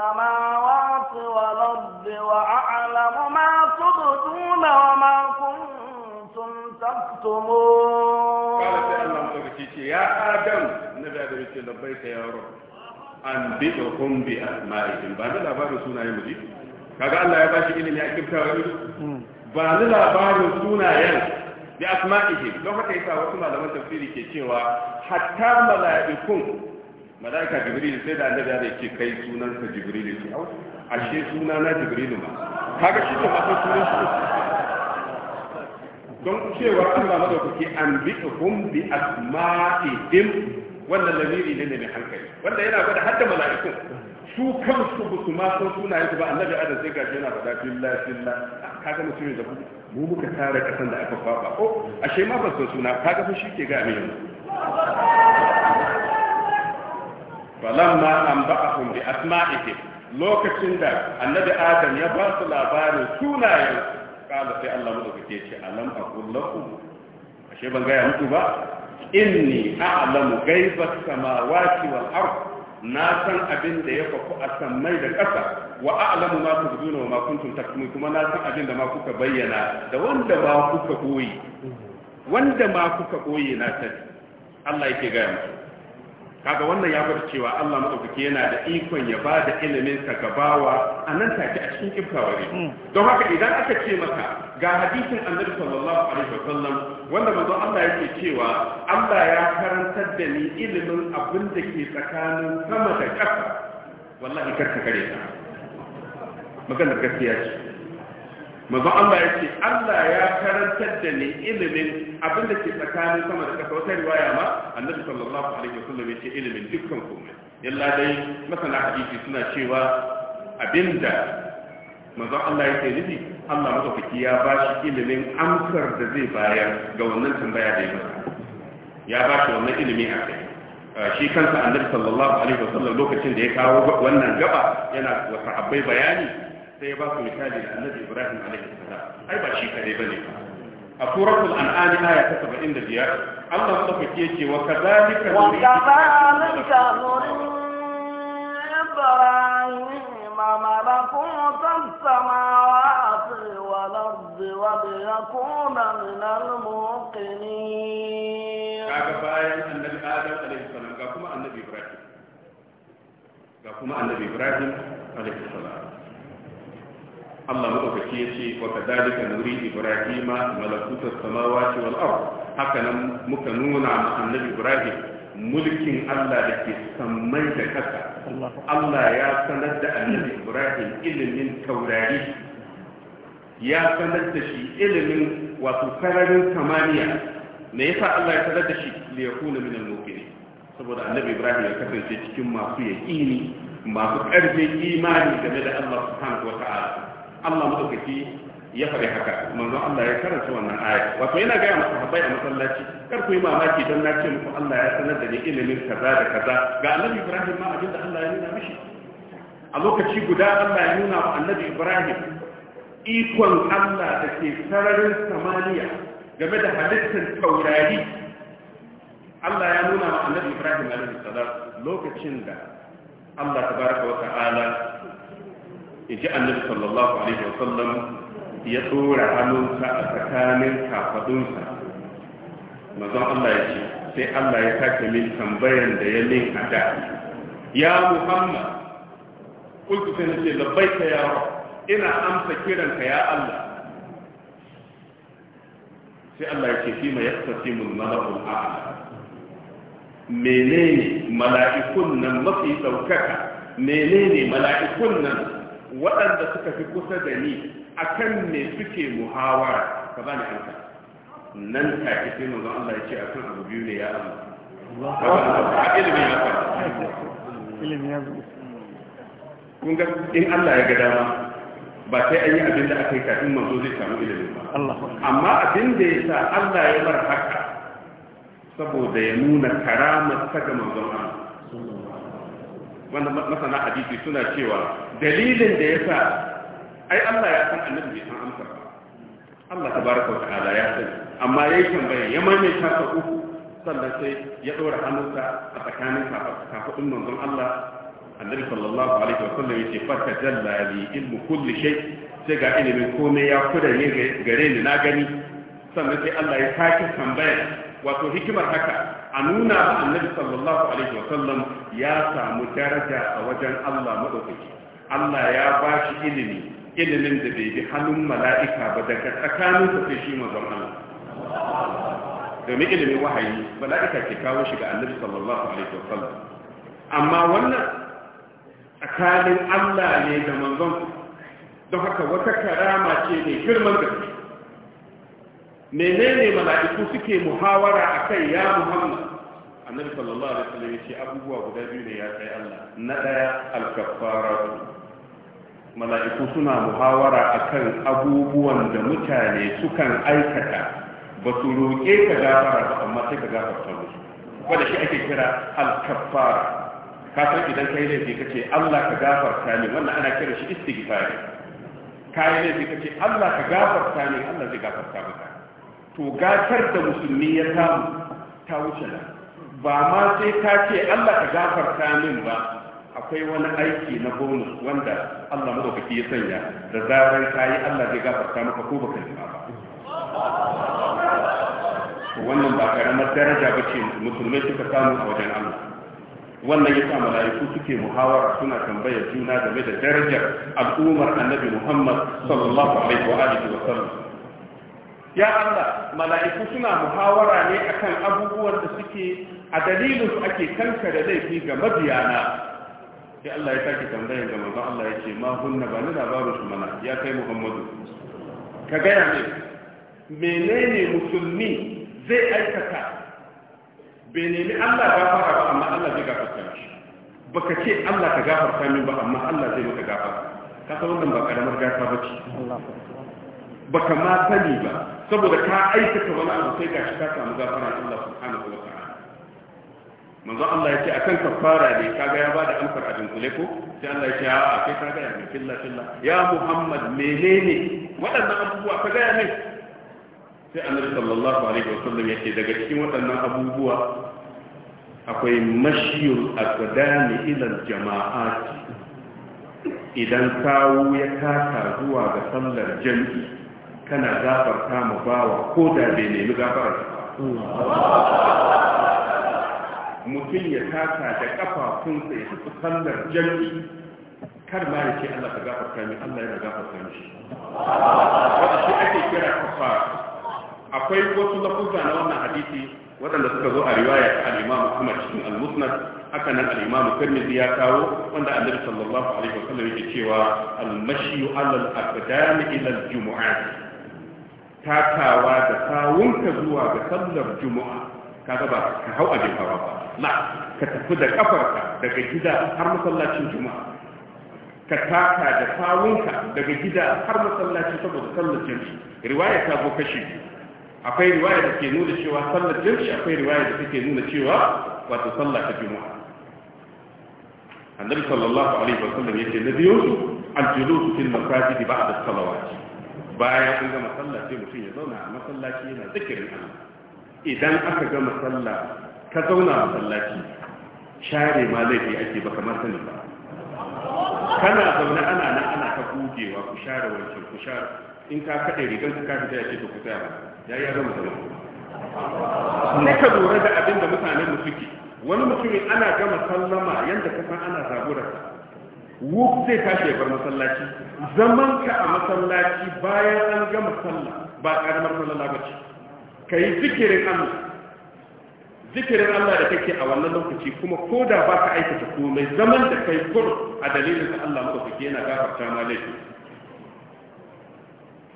السماوات والأرض وأعلم ما تبدون وما كنتم تكتمون يا آدم نبي لبيك يا رب أنبئهم بأسمائهم بعد لا بعد سنة يمجي kaga Allah ya bashi ilimi a kibta wani ba ni labarin sunayen bi asma'ihim don haka yasa wasu malaman tafsiri ke cewa hatta mala'ikun malaika jibril sai da annabi ya ce kai sunan sa jibril ne ashe suna na jibril ma kaga shi ne masa sunan shi don cewa Allah madaukaki an bi hum bi dim wannan lamiri ne mai hankali wanda yana gwada hadda malaiku su kansu ba su ma san sunayen su ba annabi adam sai gashi yana faɗa billah billah kaga mutumin da mu muka tare kasan da aka faɓa o oh, ashe ma ba su suna kaga fa shi ke ga mai yanzu falamma anba'ahum bi asma'ihim lokacin da annabi adam ya ba su labarin sunayen kala Allah mu dauke ce alam aqul lakum ashe ban gaya muku ba inni a'lamu ghaibas samawati wal ard na san abin da ya faku a sammai da ƙasa wa a'lamu ma tubduna wa ma kuntum taktumun kuma na san abin da ma kuka bayyana da wanda ma kuka koyi wanda ma kuka Allah yake gaya muku kaga wannan ya gwada cewa Allah madaukake yana da ikon ya ba da ilimin ka gabawa bawa a nan take a cikin kifkawa hmm. don haka idan aka ce maka ga hadisin annabi sallallahu alaihi wasallam wanda manzo Allah yake cewa Allah ya karantar da ni ilimin abin da ke tsakanin sama da ƙasa wallahi karka kare ta maganar gaskiya ce Mazan Allah ya ce Allah ya karantar da ni ilimin abin da ke tsakanin sama da ƙasa wata riwaya ma annabi sallallahu alaihi wa wasallam yake ilimin dukkan komai yalla dai masana hadisi suna cewa abinda mazan Allah ya yake nufi Allah madaukaki ya ba shi ilimin amsar da zai bayar ga wannan tambaya da ya masa ya ba shi wannan ilimi a kai ah, shi kansa annabi sallallahu alaihi wa sallam lokacin da ya kawo wannan gaba yana wa sahabbai bayani sai ya ba su misali da annabi ibrahim alaihi salam ai ba shi kare bane a suratul an'am aya ta 75 Allah madaukaki yake wa kadhalika nurika ibrahim ملكوت السماوات والأرض وليكون من الموقنين كاكا بايا النبي آدم عليه السلام كاكما النبي إبراهيم كاكما النبي إبراهيم عليه السلام Allah madaukaki ya ce wa kadhalika nuri ibrahima malakutus samawati wal ard haka nan muka nuna ma annabi ibrahim mulkin Allah da ke sammai da ƙasa Allah ya sanar da annabi ibrahim ilimin taurari ya sanar da shi ilimin wato kararin samaniya me yasa Allah ya sanar da shi li yakuna min al-muqinin saboda annabi ibrahim ya kasance cikin masu yaqini masu ƙarfin imani game da Allah subhanahu wa ta'ala Allah madaukaki ya faɗi haka manzo Allah ya karanta wannan aya wato yana ga masa habbai a masallaci kar ku yi mamaki dan na ce muku Allah ya sanar da ni ilimin kaza da kaza ga Annabi Ibrahim ma abinda Allah ya nuna mishi a lokaci guda Allah ya nuna wa Annabi Ibrahim ikon Allah da ke sararin samaniya game da halittar taurari Allah ya nuna wa Annabi Ibrahim alaihi salam lokacin da Allah tabaraka wa ta'ala in ji annabi sallallahu alaihi wa sallam ya tsora hannunsa a tsakanin kafadunsa mazan Allah ya ce sai Allah ya sake min tambayar da ya min a da ya muhammad kulku sai nace ka ya ina amsa kiran ka ya Allah sai Allah ya ce fi ma yaqtasimu al-malakul a'la menene mala'ikun nan mafi daukaka menene mala'ikun nan waɗanda suka fi kusa da ni akan ne suke muhawara ka bani hankali. nan ta ke sai mazan Allah ya ce kan abu biyu ne ya Allah ilimi ya fara ilimi ya zo kun ga in Allah ya ga dama ba sai an yi abin da aka yi kafin manzo zai samu ilimin ba amma abin da ya sa Allah ya bar haka saboda ya nuna karamar ta ga manzon Allah wanda masana hadisi suna cewa dalilin da ya sa, ai Allah ya san annabi bai san amsa ba Allah tabaraka wa ta'ala ya san amma yayi tambaya ya maimaita ta uku sannan sai ya dora hannunsa a tsakanin kafafun manzon Allah annabi sallallahu alaihi wa sallam yace fa tajalla li ilmu kulli shay sai ga ilimin komai ya kudare gare ni na gani sannan sai Allah ya sake tambaya wato hikimar haka a nuna ba annabi sallallahu alaihi wa sallam ya samu daraja a wajen Allah madaukaki Allah ya ba shi ilimi ilimin da bai bi hannun mala'ika ba daga tsakanin sa sai shi manzon Allah domin ilimin wahayi mala'ika ke kawo shi ga annabi sallallahu alaihi wa sallam amma wannan tsakanin Allah ne da manzon don haka wata karama ce mai girman gaske menene mala'iku suke muhawara akan ya muhammad annabi sallallahu alaihi wasallam yace abubuwa guda biyu ne ya kai Allah na daya al-kaffara mala'iku suna muhawara akan abubuwan da mutane sukan aikata ba su roƙe ka gafara ba amma sai ka gafarta musu wanda shi ake kira al-kaffara ka san idan kai laifi ce Allah ka gafarta ne? wannan ana kira shi istighfar kai laifi ce Allah ka gafarta ne? Allah zai gafarta maka to gatar da musulmi ya samu ta wuce nan ba ma sai ka ce Allah ka gafarta min ba akwai wani aiki na bonus wanda Allah madaukaki ya sanya da zarar ka yi Allah zai gafarta maka ko baka yi ba wannan ba karamar daraja ba ce musulmai suka samu a wajen Allah wannan ya sa mala'iku suke muhawara suna tambayar juna game da darajar al'ummar annabi Muhammad sallallahu alaihi wa alihi wa sallam ya Allah mala'iku suna muhawara ne akan abubuwan da suke a dalilin su ake kanka da laifi ga mabiyana sai Allah ya sake tambayar ga manzo Allah ya ce ma hunna ba ni labarin su mana ya kai Muhammadu ka gaya ne menene musulmi zai aikata bai nemi Allah gafara ba amma Allah zai gafarta shi baka ce Allah ka gafarta min ba amma Allah zai maka gafara ka san wannan ba karamar gafara ba ce baka ma sani ba saboda ka aikata wani abu sai gashi ka samu gafara Allah subhanahu wa ta'ala manzo Allah yake akan kafara ne kaga ya bada amsar abin kule ko sai Allah yake a kai kaga ya killa killa ya Muhammad menene waɗannan abubuwa ka ga ne sai Annabi sallallahu alaihi wasallam yake daga cikin waɗannan abubuwa akwai mashiyul aqdami ila jama'ati idan Kawu ya taka zuwa ga sallar jami'i kana gafarta mu bawa ko da bai nemi gafara mutum ya tasa da kafafunsa ya tafi sallar jami'i kar ma ya ce Allah ka gafarta ni Allah yana gafarta mishi wanda shi ake kira kafa akwai wasu lafuza na wannan hadisi waɗanda suka zo a riwaya ta al-Imam Ahmad cikin al-Musnad haka nan al-Imam Tirmidhi ya kawo wanda Annabi sallallahu alaihi wasallam yake cewa al-mashyu 'ala al-aqdam ila al-jumu'at takawa da kawunka zuwa ga sallar juma'a kaga ba ka hau abin hawa ba la ka tafi da kafarka daga gida har masallacin juma'a ka taka da kawunka daga gida har masallacin saboda sallar jami'i riwaya ta zo kashi akwai riwaya da ke nuna cewa sallar jami'i akwai riwaya da take nuna cewa wato sallar ta juma'a annabi sallallahu alaihi wasallam yake na biyo al-julus fil masajidi ba'da salawati Baya an gama sallah sai mutum ya zauna a masallaci yana zikirin Allah idan aka gama sallah ka zauna a masallaci share ma laifi ake ba kamar sani ba kana zaune ana nan ana ta gugewa ku share wancan ku share in ka kaɗe rigar ka fita ya ce to ku tsaya ya yi ya gama zama ne ka lura da abin da mutanen mu suke wani mutumin ana gama sallama yadda ka ana zaburarsa wuf zai kashe bar masallaci zaman ka a masallaci bayan an ga masalla, ba karamar sallah ba ce ka yi zikirin Allah zikirin Allah da kake a wannan lokaci kuma ko da ba ka aikata komai zaman da kai kur a dalilin da Allah madaukake yana gafarta ma laifi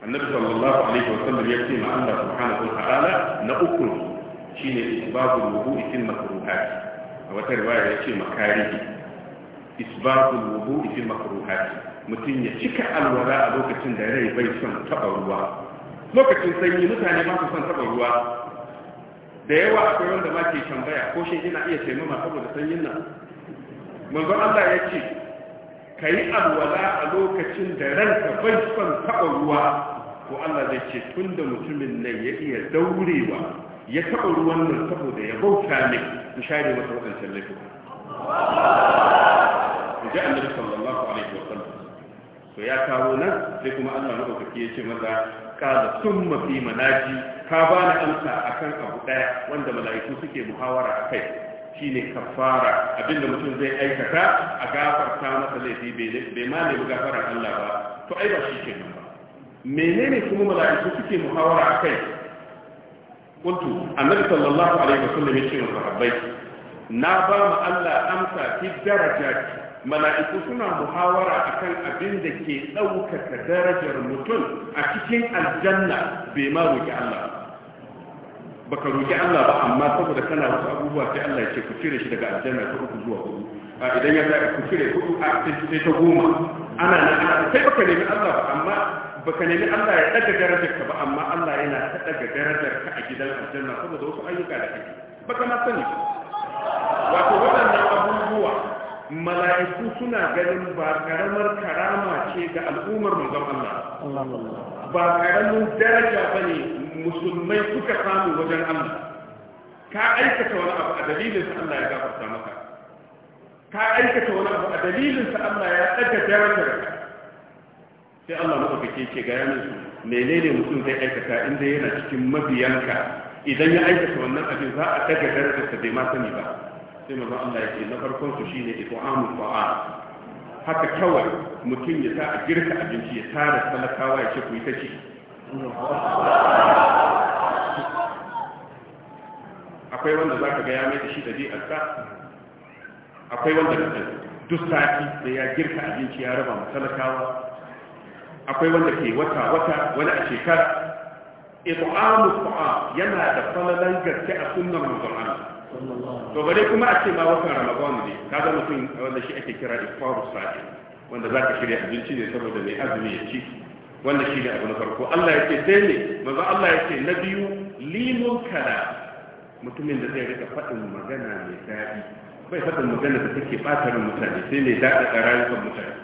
annabi sallallahu alaihi wa sallam ya ce ma Allah subhanahu wa ta'ala na uku shine isbabul wudu'i fil makruhat a wata riwaya ya ce makarihi isbatul wudu fi makruhat mutum ya cika alwala a lokacin da rai bai son taba ruwa lokacin sanyi mutane ba su son taba ruwa da yawa akwai wanda ma ke tambaya ko shin ina iya taimama saboda sanyin nan manzon Allah ya ce kai alwala a lokacin da ranka bai son taba ruwa ko Allah zai ce tunda mutumin nan ya iya daurewa ya taba ruwan nan saboda ya bauta ne in share masa wadancan laifuka ji annabi sallallahu alaihi wa sallam to ya kawo nan sai kuma Allah ya ya yace maza kala summa fi manaji ka ba ni amsa akan abu daya wanda mala'iku suke muhawara akai shine kafara abinda mutum zai aikata a gafarta masa laifi bai ma ne gafara Allah ba to ai ba shi ke nan ba menene kuma mala'iku suke muhawara akai kuntu annabi sallallahu alaihi wasallam ya ce wa sahabbai na ba mu Allah amsa fi darajati mala'iku suna muhawara akan abin da ke ɗaukaka darajar mutum a cikin aljanna bai ma roƙi Allah ba ka roƙi Allah ba amma saboda kana wasu abubuwa sai Allah ya ce ku cire shi daga aljanna ta uku zuwa hudu a idan ya sa ku cire hudu a sai ta goma ana nan sai baka nemi Allah ba amma baka nemi Allah ya ɗaga darajar ka ba amma Allah yana ta ɗaga darajar ka a gidan aljanna saboda wasu ayyuka da kake baka ma sani wato waɗannan abubuwa mala'iku suna ganin ba karamar karama ce ga al'ummar manzon Allah ba karamin daraja ba ne musulmai suka samu wajen Allah ka aikata wani abu a dalilin sa Allah ya gafarta maka ka aikata wani abu a dalilin sa Allah ya tsaka darajar sai Allah madaukake ke ga yana su menene mutum zai aikata inda yana cikin mabiyanka idan ya aikata wannan abin za a daga darajar sa bai ma sani ba sai manzon Allah ya ce na farkon su shine it'amul fa'al haka kawai mutum ya sa a girka abinci ya tara talakawa ya ce ku yi ta ci akwai wanda zaka ga ya mai da shi da dabi'ar ka akwai wanda ka duk sati da ya girka abinci ya raba ma talakawa akwai wanda ke wata wata wani a shekara it'amul fa'al yana da falalan gaske a sunan manzon Allah to bare kuma a ce ma watan ramadan ne kaga mutum wanda shi ake kira ifaru sa'i wanda zaka shirya abinci ne saboda mai azumi ya ci wanda shi ne abu na farko Allah ya ce dai ne manzo Allah ya ce na biyu limon kala mutumin da zai rika faɗin magana mai daɗi bai faɗin magana da take ɓatarin mutane sai mai daɗi a rayuwar mutane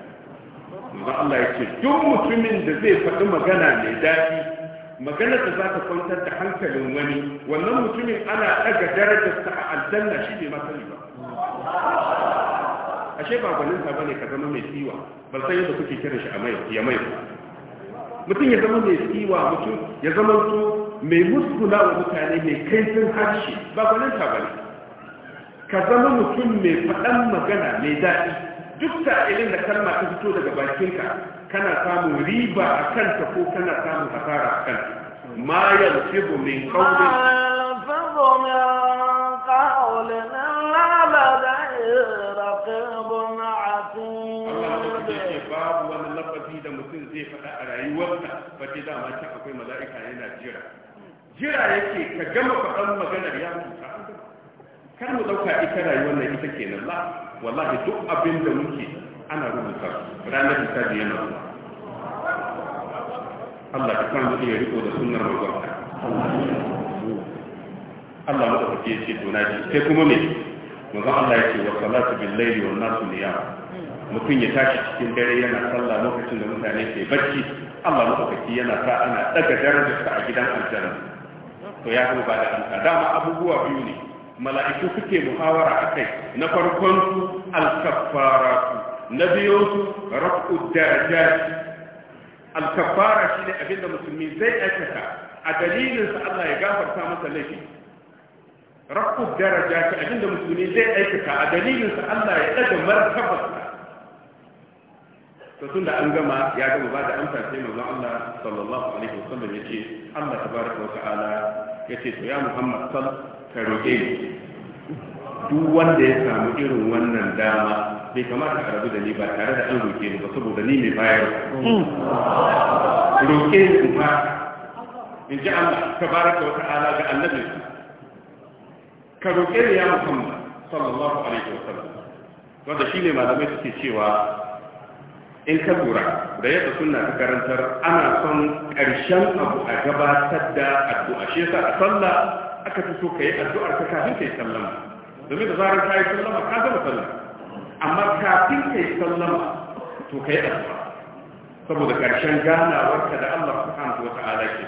manzo Allah ya ce duk mutumin da zai faɗi magana mai daɗi maganar da za ta kwantar da hankalin wani wannan mutumin ana daga darajar sa a aljanna shi ne masani ba ashe ba gwanin sa bane ka zama mai tsiwa ba san yadda kuke kiran shi a mai ya mai mutum ya zama mai tsiwa mutum ya zama su mai muskula wa mutane mai kai sun harshe ba gwanin sa bane ka zama mutum mai faɗan magana mai daɗi duk sa'ilin da kalma ta fito daga bakinka kana samun riba a kanta ko kana samun hasara a kanta ma yanfidu min qawlin babu wani lafazi da mutum zai faɗa a rayuwarsa ba ce dama ce akwai mala'ika yana jira jira yake ka gama faɗan maganar ya tuta kar mu ɗauka ita rayuwar nan ita kenan la wallahi duk abin da muke ana rubuta ranar hisabi yana zuwa Allah ka kan iya riko da sunnar manzon Allah mu da ya ce to na sai kuma me manzon Allah ya ce wa salatu bil layli wan nasu niyam mutum ya tashi cikin dare yana sallah lokacin da mutane ke bacci Allah mu da yana sa ana daga darajarsa a gidan aljanna to ya kuma ba da amsa dama abubuwa biyu ne mala'iku suke muhawara akai na farkon su al-kaffaratu na biyu su rafu darajat alkafara shi ne abinda musulmi zai aikata a dalilinsa Allah ya gafarta masa laifi rafu darajat abinda musulmi zai aikata a dalilinsa Allah ya daga martabarsa to tun da an gama ya gama ba da amsa sai manzon Allah sallallahu alaihi Allah to ya Muhammad duk wanda ya samu irin wannan dama bai kamata a rabu da ni ba tare da an roke ni ba saboda ni mai bayar roke ni kuma in ji Allah ka wa ala ga annabi ka roke ni ya musamman sallallahu alaihi wa sallam wanda shi ne malamai suke cewa in ka lura da yadda suna ta karantar ana son ƙarshen abu a gabatar da addu'a shi yasa a sallah aka fi so ka yi addu'ar ka kafin ka yi sallama domin da zarar ka yi sallama ka gama sallama amma kafin ka yi sallama to ka yi addu'a saboda ƙarshen ganawarka da Allah subhanahu wa ta'ala ke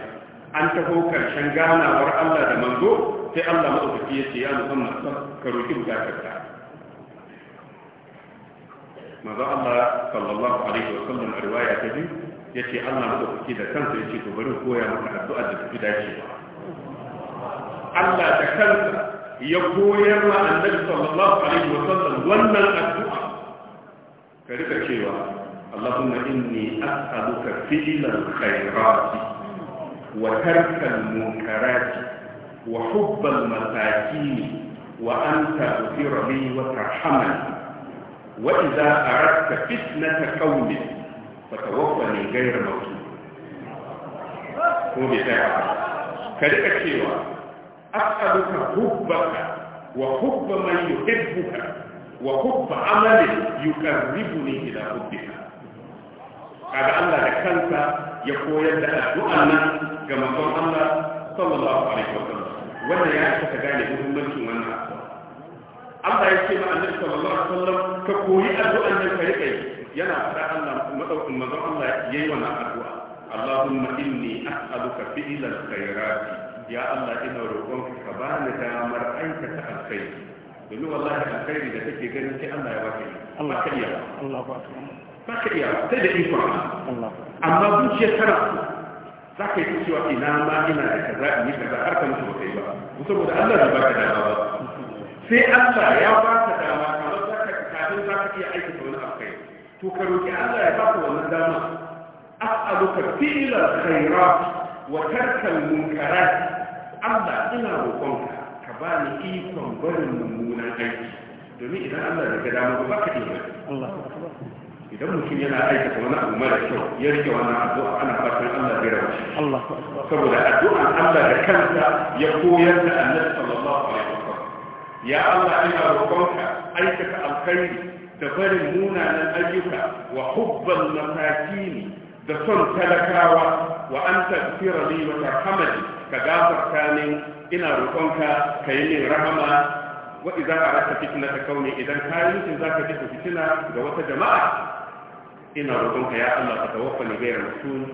an taho ƙarshen ganawar Allah da manzo sai Allah maɗaukaki ya ce ya musamman ka roƙi bukatarka manzo Allah sallallahu alaihi wa sallam a riwaya ta biyu ya ce Allah maɗaukaki da kansa ya ce to bari koya maka addu'a da tafi dacewa Allah da kansa ya koyar wa annabi sallallahu alaihi wa sallam wannan addu'a ka rika cewa Allahumma inni as'aluka fi'lan khairati wa tarkal munkarati wa hubbal masakin wa an taghfir li wa tarhamni wa idza aradta fitnata qawmi fatawaffani ghayra mawtun ko bai ka rika cewa أسألك حبك وحب من يحبك وحب عمل يقربني إلى حبك قال الله لكنت يقول يدعى دعنا كما قال الله صلى الله عليه وسلم وانا يا أشك ذلك من من الله يسمى النبي صلى الله عليه وسلم كقوي أدعى أنك يقول ينا فلا الله مدعو الله يوانا أدعى اللهم إني أسألك فعل الخيرات ya Allah ina roƙonka ka ba ni damar aikata alkhairi domin wallahi alkhairi da kake ganin sai Allah ya baka yi Allah ka iya Allah ba ba ka iya sai da ikon Allah amma zuciyar tana za ka yi cewa ina ma ina da kaza in yi kaza har ka mutu ba kai ba saboda Allah bai baka dama ba sai Allah ya baka dama kamar za ka kafin za ka iya aikata wani alkhairi to ka roki Allah ya baka wannan dama as'aluka fi'la khairat wa tarkal munkarat Allah ina roƙonka ka ba ni ikon barin mummunan aiki domin idan Allah daga dama ba ka iya idan mutum yana aikata wani abu mara kyau ya rike wani addu'a ana fatan Allah ya rabu saboda addu'an Allah da kansa ya koyar da Annabi sallallahu alaihi wasallam ya Allah ina roƙonka aikata alkhairi da barin munanan ayyuka wa hubbal masakin da son talakawa wa an tafira li wa tarhamani ka gafarta ni ina roƙonka ka yi min rahama wa idan arata fitna ta kauni idan kayan mutum za ka jefa fitina ga wata jama'a ina roƙonka ya Allah ka tawaffa ni gaira mutum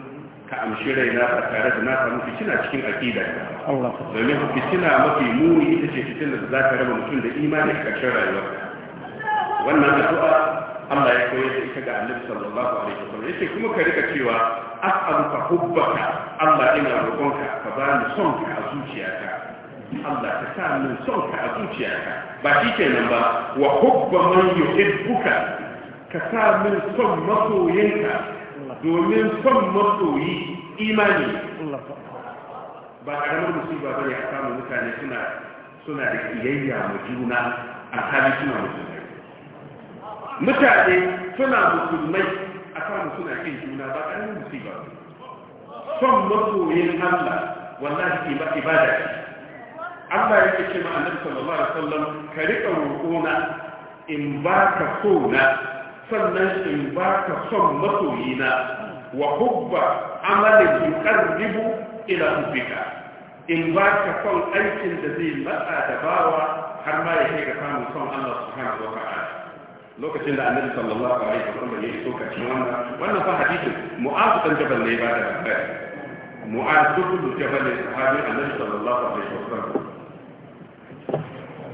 ka amshi raina ba tare da na samu fitina cikin aƙida domin fitina mafi muni ita ce fitina da za ta raba mutum da imani a ƙarshen rayuwa wannan addu'a Allah ya koyar da ita ga Annabi sallallahu alaihi wasallam yace kuma ka rika cewa ka hubbaka Allah ina roƙonka ka ba ni son ka a zuciyata Allah ka sa min son ka a zuciyata ba shi kenan ba wa hubba man yuhibbuka ka sa min son masoyinka domin son masoyi imani ba karamar musiba bane a samun mutane suna suna da kiyayya ma juna a hali suna musulmai mutane suna musulmai a samu suna kin juna ba ƙarfin musiba son masoyin Allah wallahi ibada ce Allah yake ce ma annabi sallallahu alaihi wasallam ka rika roƙona in ka so na sannan in baka son masoyina wa hubba amalin yuqarribu ila hubbika in baka son aikin da zai matsa da bawa har ma ya kai ga samun son Allah subhanahu wa ta'ala lokacin da annabi sallallahu alaihi wasallam ya iso kaci wannan wannan fa hadisi mu'az dan jabal ne ba da ba mu'az dukkan jabal ne sahabi annabi sallallahu alaihi wasallam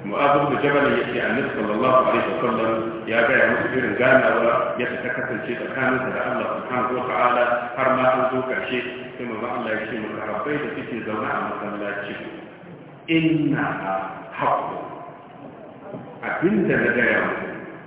mu'az bin jabal ya ce annabi sallallahu alaihi wasallam ya ga ya musu irin ganawa ya ta kasance tsakanin da Allah subhanahu wa ta'ala har ma an zo karshe sai manzo Allah ya ce mu karafai da kike zauna a masallaci inna haqqu abinda na gaya muku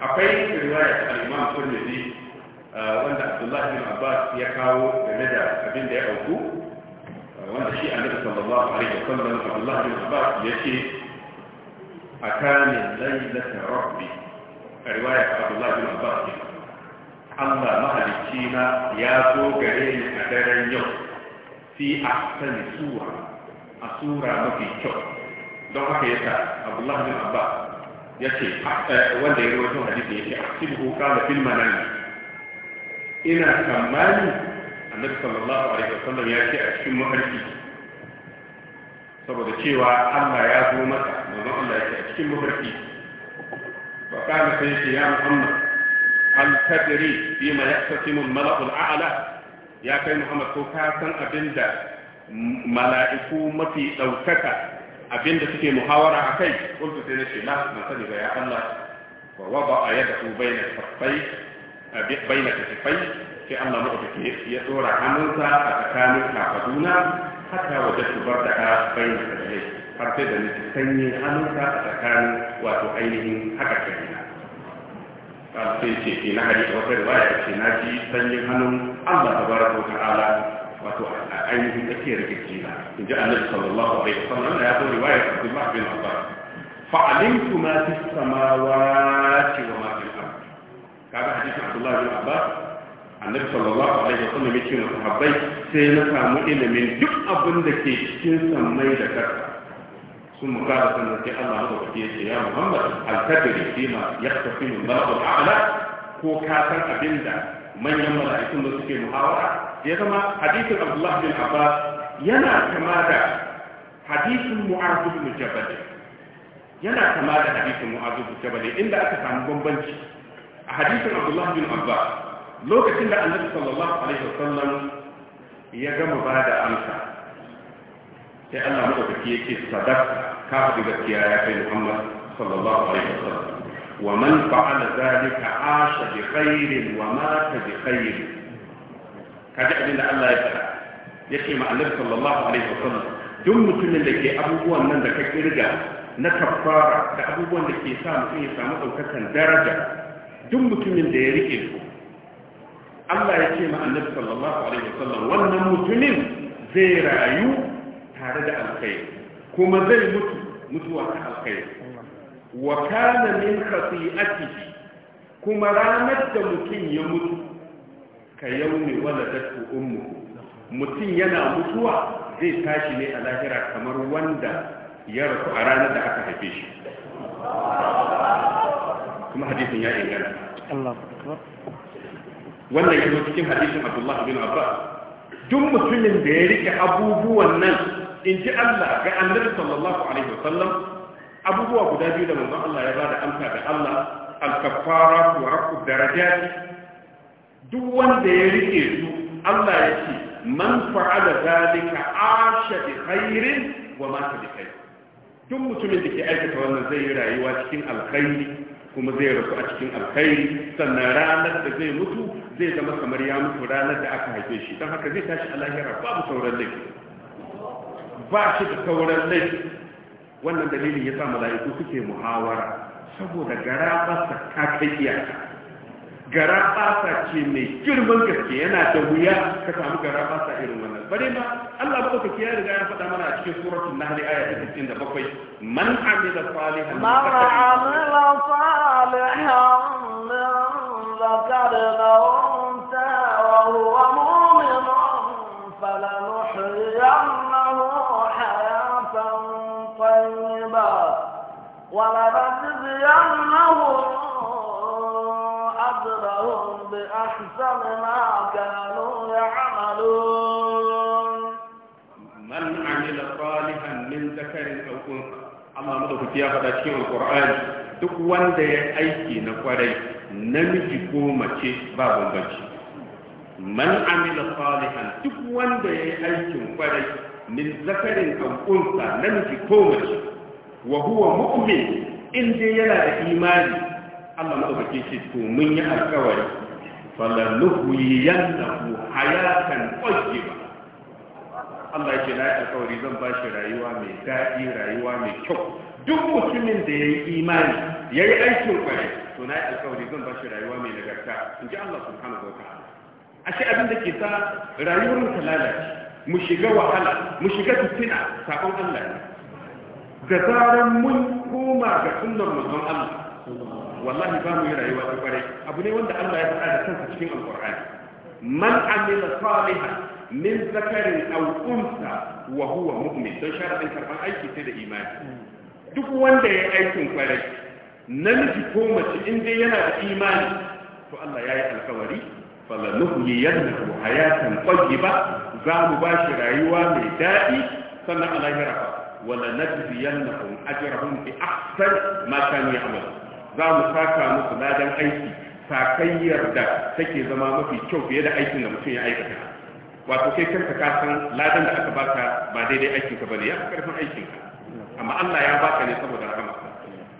akwai riwayat al-imam turmizi uh, wanda abdullahi bin abbas ya kawo game da abin da ya auku uh, wanda shi annabi sallallahu alaihi wasallam abdullahi bin abbas ya ce akani laylata rabbi a riwayat abdullahi bin abbas ne Allah mahalicci na ya zo gare ni a daren yau fi ahsani sura a sura mafi kyau don haka yasa abdullahi bin abbas yace ah, eh, wanda ya rawaito hadisi yace aktibu qala fil manami ina tsammani annabi sallallahu alaihi wasallam ya ce a cikin mafarki saboda cewa Allah ya zo masa manzon Allah ya ce a cikin mafarki fa kana sai ce ya Muhammad al tadri bi ma yaqtasimu al mala'u al a'la ya kai Muhammad ko ka san abinda mala'iku mafi daukaka abinda suke muhawara a kai kulta sai na ce na na sani ga ya Allah wa wada a yadda ku bayyana kafai bayyana kafai sai Allah maɗaukaki ya tsora hannunsa a tsakanin kafaduna hatta wajen su bar da bayyana kafai har sai da nufi sanyi hannunsa a tsakanin wato ainihin haka kafina sai ce ke na hari da wata riwaya ce na ji sanyin hannun Allah tabaraka wa ta'ala wato a ainihin tsakiyar jikina in ji annabi sallallahu alaihi wasallam ya zo riwayar Abdullah bin Abbas fa alimtu ma fi samawati wa ma fil ard kaga hadisin Abdullah bin Abbas annabi sallallahu alaihi wasallam ya ce sahabbai sai na samu ilimin duk abin da ke cikin sammai da ƙasa ثم قال سنة الله هو يا محمد هل تدري فيما يختفي ala ko هو كافر manyan mala'ikun da suke muhawara ya zama hadisin Abdullahi bin abbas yana kama da hadisin mu'azu bin jabal yana kama da hadisin mu'azu bin jabal inda aka samu bambanci a hadisin Abdullahi bin abbas lokacin da annabi sallallahu alaihi wasallam ya gama ba da amsa sai Allah madaukaki yake sadaka ka da gaskiya ya kai Muhammad sallallahu alaihi wasallam ومن فعل ذلك عاش بخير ومات بخير kaji abin da Allah ya fara yake ma annabi sallallahu alaihi wasallam duk mutumin da ke abubuwan nan da ka kirga na kafara da abubuwan da ke sa mutum ya samu daukakan daraja duk mutumin da ya rike su Allah ya ce ma annabi sallallahu alaihi wasallam wannan mutumin zai rayu tare da alkhairi kuma zai mutu mutuwa ta alkhairi wa kana min khati'atihi kuma ranar da mutum ya mutu ka yaumi waladatu ummuhu mutum yana mutuwa zai tashi ne a lahira kamar wanda ya rasu a ranar da aka haife shi kuma hadisin ya ingana wannan ya cikin hadisin abdullah bin Abba. duk mutumin da ya rike abubuwan nan in ji allah ga annabi sallallahu alaihi wasallam abubuwa guda biyu da manzon Allah ya bada amsa da Allah al-kaffara wa rafu darajati duk wanda ya rike su Allah ya ce man fa'ala zalika asha bi khairin wa mata bi khair duk mutumin da ke aikata wannan zai yi rayuwa cikin alkhairi kuma zai rasu a cikin alkhairi sannan ranar da zai mutu zai zama kamar ya mutu ranar da aka haife shi don haka zai tashi a lahira babu sauran laifi ba shi da sauran laifi wannan dalilin ya sa mala'iku suke muhawara saboda gara basa ta kai iyaka gara basa ce mai girman gaske yana da wuya ka samu gara basa irin wannan bare ma Allah baka ka ya riga ya faɗa mana a cikin suratul nahl aya ta 97 man amila salihan man amila salihan min dhakarin aw wa huwa ولنجزينهم أجرهم بأحسن ما كانوا يعملون من عمل صالحا من ذكر أو أنثى Allah madaukaki ya faɗa cikin Alƙur'ani duk wanda ya aiki na kwarai namiji ko mace ba bambanci man amila salihan duk wanda ya yi aikin kwarai min zakarin aw unsa namiji ko mace wa huwa mu'min in dai yana da imani Allah madaukake shi to mun yi alƙawari falanuhyiyannahu hayatan tayyiba Allah ya ce na alƙawari zan ba shi rayuwa mai daɗi rayuwa mai kyau duk mutumin da ya yi imani ya yi aikin kwarai to na alƙawari zan ba shi rayuwa mai nagarta in ji Allah subhanahu wa ta'ala ashe abin da ke sa rayuwar ta lalace mu shiga wahala mu shiga fitina sakon Allah ne da zarar mun koma ga sunan manzon Allah wallahi ba mu yi rayuwa ta kware. abu ne wanda Allah ya faɗa da kansa cikin alqur'ani man amila salihan min zakarin aw unsa wa huwa mu'min dan sharadin karban aiki sai da imani duk wanda ya aikin kware, namiji ko mace in dai yana da imani to Allah ya yi alkawari falanuhliyannahu hayatan ba, za mu shi rayuwa mai daɗi sannan ya lahira wala najziyannahum ajrahum bi ahsan ma kanu ya'malu za mu saka musu ladan aiki sakayyar da take zama mafi kyau fiye da aikin da mutum ya aikata wato kai kanka ka san ladan da aka baka ba daidai aikin ka bane ya fi karfin aikin ka amma Allah ya baka ne saboda rahama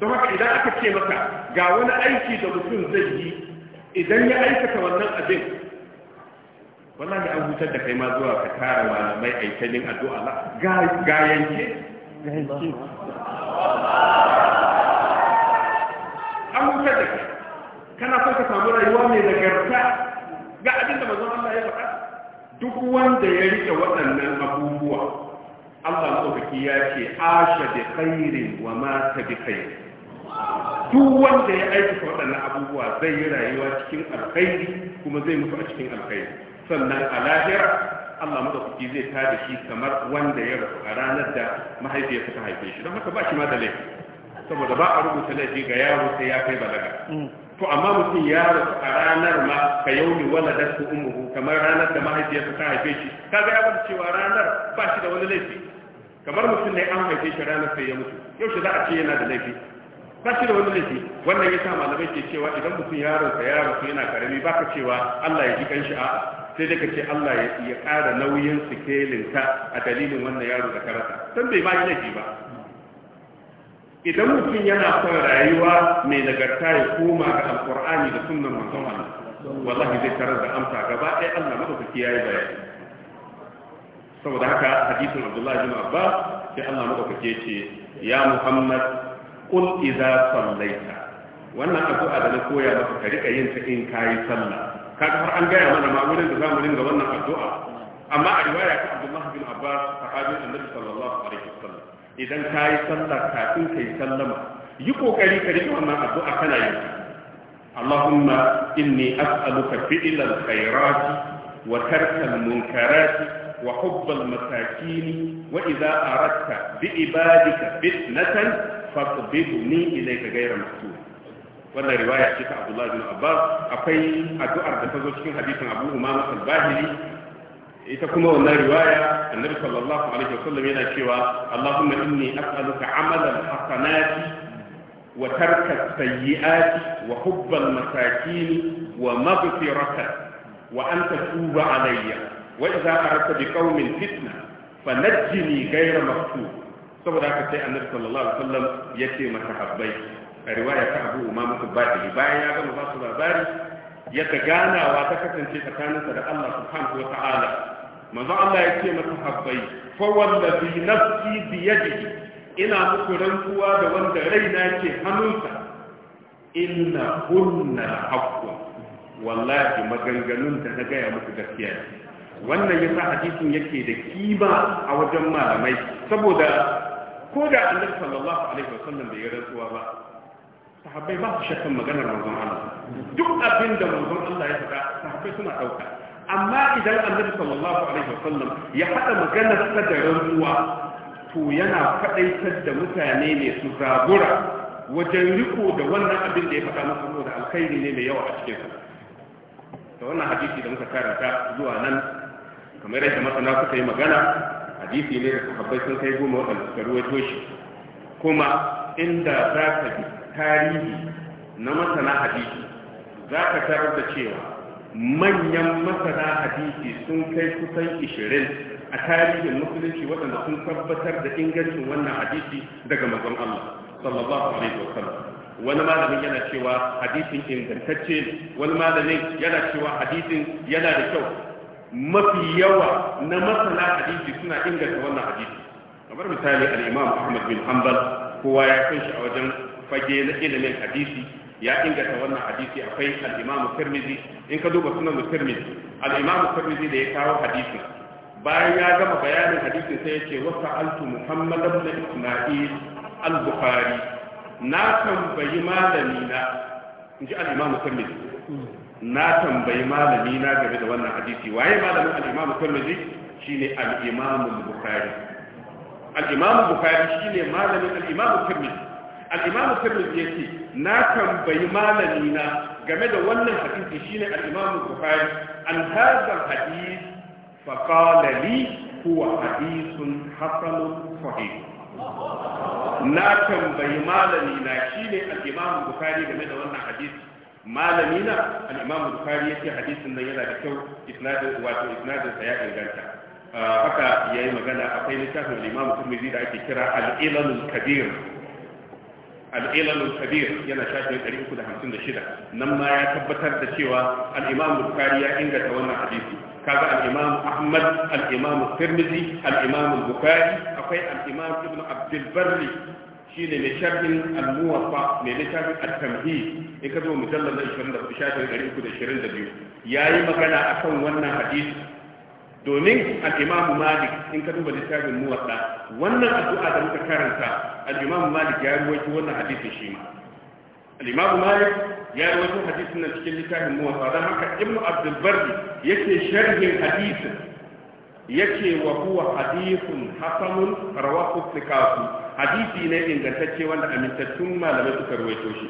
don haka idan aka ce maka ga wani aiki da mutum zai yi idan ya aikata wannan abin wallahi an hutar da kai ma zuwa ka tara malamai aikalin addu'a ga ga yanke gaske an da kana son ka samu rayuwa mai nagarta ga abin da Allah ya faɗa duk wanda ya rike waɗannan abubuwa Allah tsofaki ya ce asha da khairin wa mata bi khairin duk wanda ya aikata waɗannan abubuwa zai yi rayuwa cikin alkhairi kuma zai mutu a cikin alkhairi sannan a lahira Allah madaukaki zai ta da shi kamar wanda ya rasu a ranar da mahaifiyarsa ta haife shi don haka ba shi ma da laifi saboda ba a rubuta laifi ga yaro sai ya kai balaga mm. to amma mutum ya rasu a ranar ma ka yauni wala da su umuhu kamar ranar da mahaifiyarsa ta haife shi kaga ya bada cewa ranar ba shi da wani laifi kamar mutum ne an haife shi ranar sai ya mutu yau shi za a ce yana da laifi ba shi da wani laifi wannan ya sa malamai ke cewa idan mutum yaronsa ya rasu yana karami ba ka cewa Allah ya ji kanshi a'a sai dai ka ce Allah ya ƙara nauyin sikelinta a dalilin wannan yaro da karasa don bai ma yi laifi ba idan mutum yana son rayuwa mai nagarta ya koma ga alkur'ani da sunnan manzon Allah wallahi zai tarar da amsa gaba ɗaya Allah madaukaki yayi bayani saboda haka hadisin Abdullah bin Abbas sai Allah madaukaki ce ya Muhammad qul idza sallaita wannan addu'a da na koya maka ka rika yin ta in kai sallah Ka har an gaya mana ma wurin da zamu dinga wannan addu'a amma a riwaya ta Abdullah bin Abbas sahabi Annabi sallallahu alaihi wasallam idan kai sallar kafin kai sallama yi kokari ka rike wannan addu'a kana yi اللهم إني أسألك فعل الخيرات وترك المنكرات وحب المساكين وإذا أردت بعبادك فتنة فاقبضني إليك غير مفتوح wannan riwaya ce ta Abdullahi, bin Abbas akwai addu'ar da ta zo cikin hadisin Abu Umama al-Bahili ita kuma wannan riwaya Annabi sallallahu alaihi wasallam yana cewa Allahumma inni as'aluka amalan hasanati wa tarka sayyi'ati wa hubbal masakin wa maghfiratan wa alayya wa idza aradta fitna fanajjini ghayra maftun saboda haka sai Annabi sallallahu alaihi wasallam yace habbai a riwaya ta abu umama tubbadili bayan ya gama ba su labari yadda ganawa ta kasance tsakaninsa da Allah subhanahu wa ta'ala manzo Allah ya ce masa habbai fa wallazi nafsi bi ina muku rantsuwa da wanda raina ke hannunsa inna kunna haqqun wallahi maganganun da na gaya muku gaskiya ne wannan yasa hadisin yake da kima a wajen malamai saboda ko da annabi sallallahu alaihi wasallam bai rantsuwa ba sahabbai ba su shakkan maganar manzon Allah duk abin da manzon Allah ya faɗa sahabbai suna ɗauka amma idan annabi sallallahu alaihi wasallam ya haɗa maganar sa ruwa. rantsuwa to yana faɗaitar da mutane ne su zabura wajen riko da wannan abin da ya faɗa musu da alkhairi ne mai yawa a cikin sa da wannan hadisi da muka karanta zuwa nan kamar yadda masana suka yi magana hadisi ne da sahabbai sun kai goma waɗanda suka ruwaito shi kuma inda za ka bi tarihi na masana hadisi za ka tarar da cewa manyan masana hadisi sun kai kusan ishirin a tarihin musulunci waɗanda sun tabbatar da ingancin wannan hadisi daga mazan Allah sallallahu alaihi wasallam wani malamin yana cewa hadisin ingantacce wani malamin yana cewa hadisin yana da kyau mafi yawa na masana hadisi suna inganta wannan hadisi kamar misali al-imam Ahmad bin Hanbal kowa ya san shi a wajen fage na ilimin hadisi ya inganta wannan hadisi akwai al-Imam Tirmidhi in ka duba sunan Tirmidhi al-Imam Tirmidhi da ya kawo hadisi bayan ya gama bayanin hadisin sai ya ce wa sa'altu Muhammad ibn Isma'il al-Bukhari na tambayi malami na inji al-Imam Tirmidhi na tambayi malami na game da wannan hadisi waye malamin al-Imam Tirmidhi shine al-Imam al-Bukhari al-Imam bukhari shine malamin al-Imam Tirmidhi al-imamu tirmidhi yake na tambayi malami na game da wannan hadisi shine al-imamu bukhari an hadha hadis fa qala li huwa hadithun hasanun sahih na tambayi malami na shine al-imamu bukhari game da wannan hadis. malami na al-imamu bukhari yake hadisin nan yana da kyau isnadin wato isnadin sa ya inganta ah, haka ya yi magana akwai littafin al-imamu da ake kira al-ilalul kabir Al'ilalun kabir yana shafin 356 nan ma ya tabbatar da cewa al'imam bukari ya inganta wannan hadisi kaga al'imam ahmad al'imam tirmidhi al'imam bukari akwai al'imam ibn abdul barri ne mai shafin al-muwaffa mai littafin at-tamhid in ka zo mujallal 24 shafin 322 yayi magana akan wannan hadisi domin al malik in ka duba littafin muwatta wannan addu'a da muka karanta al malik ya ruwaito wannan hadisin shi ma al malik ya ruwaito hadisin nan cikin littafin muwatta dan haka ibn abdul barri yake sharhin hadisin yake wa huwa hadithun hasanun rawahu tikafu hadisi ne ingantacce wanda amintattun malamai suka ruwaito shi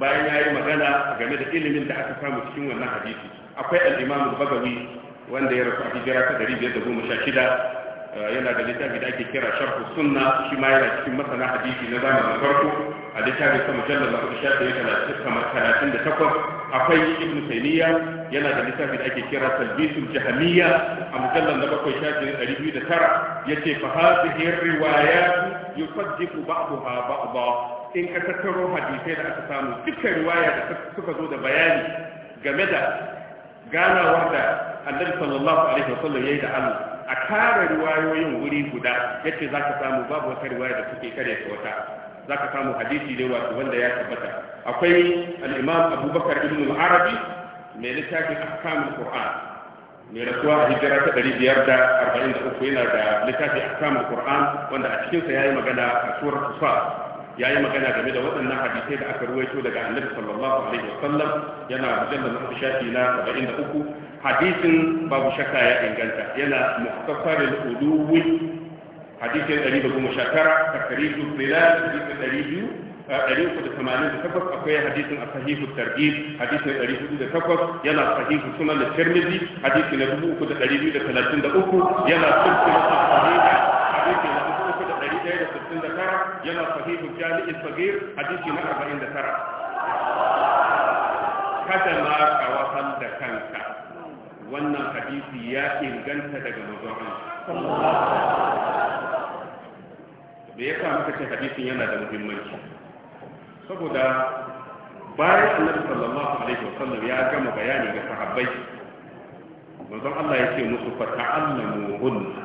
bayan ya yi magana game da ilimin da aka samu cikin wannan hadisi akwai al-imam bagawi wanda ya rasu hijira ta dari biyar da goma sha shida yana da littafi da ake kira sharhu sunna shi ma yana cikin masana hadisi na zamanin farko a littafin sa mujallal na kudu shafi ya talatin da takwas akwai ibn taymiya yana da littafi da ake kira talbisul jahamiyya a mujallal na bakwai shafi na ɗari biyu da tara ya ce fa hadhihi riwayat yusaddiqu ba'daha ba'da in ka tattaro hadisai da aka samu dukkan riwaya da suka zo da bayani game da ganawa da annabi sallallahu alaihi sallam yayi da Allah a kare riwayoyin wuri guda yace zaka samu babu wata riwaya da take kare ta wata zaka samu hadisi ne wato wanda ya tabbata akwai al-imam Abubakar ibn al-Arabi mai littafin ahkamul Qur'an mai rasuwa a hijira ta 543 yana da littafin ahkamul Qur'an wanda a cikin sa yayi magana a suratul Fa ya yi magana game da waɗannan hadisai da aka ruwaito daga annabi sallallahu alaihi wa sallam yana mujallar na shafi na 73 حديث باب شكا يا انغانتا يلا مختصر الادو حديث قريب بكم شكرا تقريب بلال حديث قريب أريد في الثمانين تفكر أقوي حديث الصحيح الترجيب حديث الأريد في تفكر يلا صحيح سنة الترمذي حديث النبوي في الأريد في يلا صحيح الصحيح حديث النبوي في الأريد في يلا صحيح الجال الصغير حديث أربعين دقيقة كذا ما أوصل wannan hadisi ya inganta daga mazuwa da ya kama muka ce hadisin yana da muhimmanci saboda bayan annabi sallallahu alaihi wasallam ya gama bayani ga sahabbai manzon Allah ya ce musu fa ta'allamu hunna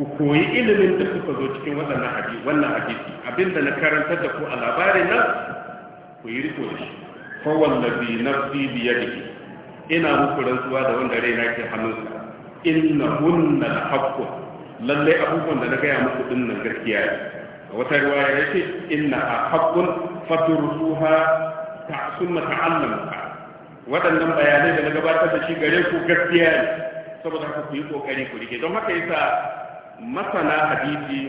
ku koyi ilimin da suka zo cikin hadisi wannan hadisi abinda na karanta da ku a labarin nan ku yi riko da shi fa wallazi nafsi bi ina muku rantsuwa da wanda raina ke hannunsa inna hunna haqqu lalle abubuwan da na gaya muku din nan gaskiya ne wata riwaya ce inna haqqun fadrusuha ta'summa ta'allam waɗannan bayanai da na gabatar da shi gare ku gaskiya ne saboda haka ku yi kokari ku rike don haka yasa masana hadisi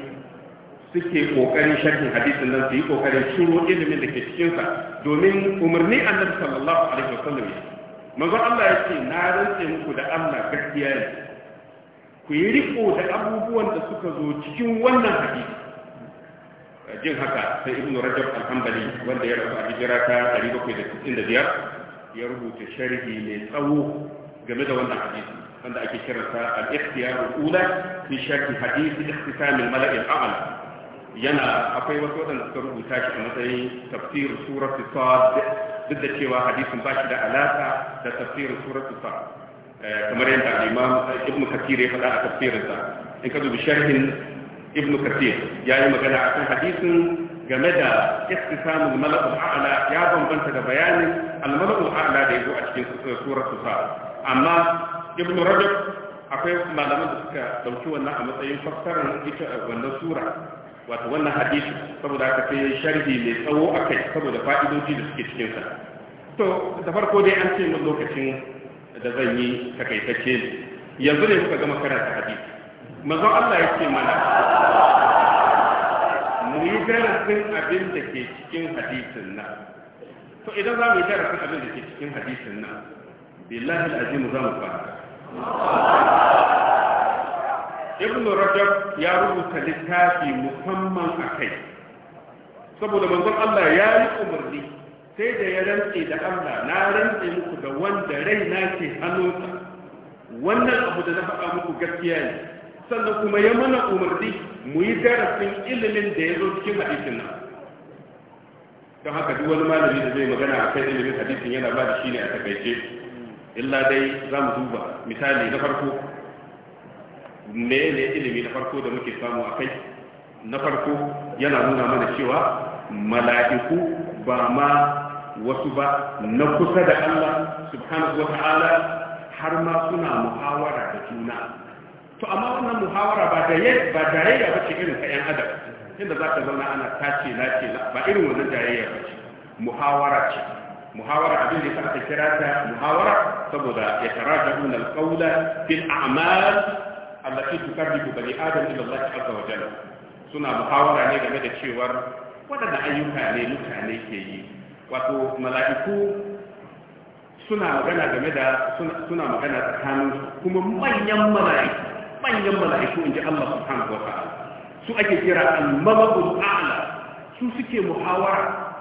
suke kokarin sharhin hadisin nan su yi kokarin shiru ilimin da ke cikinsa domin umarni annabi sallallahu alaihi wasallam manzo Allah ya ce na rantse muku da Allah gaskiya ne ku yi riko da abubuwan da suka zo cikin wannan hadisi jin haka sai ibnu rajab al-hanbali wanda ya rasu a hijira ta 765 ya rubuta sharhi mai tsawo game da wannan hadisi wanda ake kiransa al-ikhtiyar al-ula fi sharh hadisi ikhtisam al-mala'i al-a'la yana akwai wasu wadanda suka rubuta shi a matsayin tafsir surat sad duk da cewa hadisin ba shi da alaka da tafsirin suratul fa eh, kamar yadda al-imam ibnu ya faɗa a tafsirinsa in ka dubi sharhin ibnu kathir ya yi magana akan hadisin game da samun mala'ul a'la ya bambanta da bayanin al-mala'ul da yazo a cikin eh, suratul fa amma ibn rajab akwai malaman da suka dauki wannan a matsayin fassarar ita eh, wannan sura wato wannan hadisi saboda aka sai sharhi mai tsawo a kai saboda fa'idoji da suke cikinsa to da farko dai an ce min lokacin da zan yi takaitacce ne yanzu ne muka gama karanta hadisi mazo Allah ya ce mana mu yi darasin abin da ke cikin hadisin nan to idan za mu yi darasin abin da ke cikin hadisin nan billahi al'azimu za mu fara ibn rajab ya rubuta littafi musamman a kai saboda manzon Allah ya yi umarni sai da ya rantse da Allah na rantse muku da wanda na ke hannunsa wannan abu da na faɗa muku gaskiya ne sannan kuma ya mana umarni mu yi darasin ilimin da ya zo cikin hadisin nan don haka duk wani malami da zai magana a kan ilimin hadisin yana ba da shi ne a takaice illa dai za mu duba misali na farko mene ilimi na farko da muke samu a kai na farko yana nuna mana cewa mala'iku ba ma wasu ba na kusa da Allah subhanahu wa ta'ala har ma suna muhawara da juna to amma wannan muhawara ba da yayi ba da yayi ba ce irin ta inda za ka zauna ana tace na ce ba irin wannan jayayya ba ce muhawara ce muhawara abin da aka kira ta muhawara saboda ya tarajuna alqawla fil a'mal allati tukarribu bani adam ila Allah azza wa jalla suna muhawara ne game da cewar waɗanda ayyuka ne mutane ke yi wato mala'iku suna magana game da suna magana tsakanin kuma manyan mala'iku manyan mala'iku in ji Allah subhanahu wa ta'ala su ake kira al-mabul a'la su suke muhawara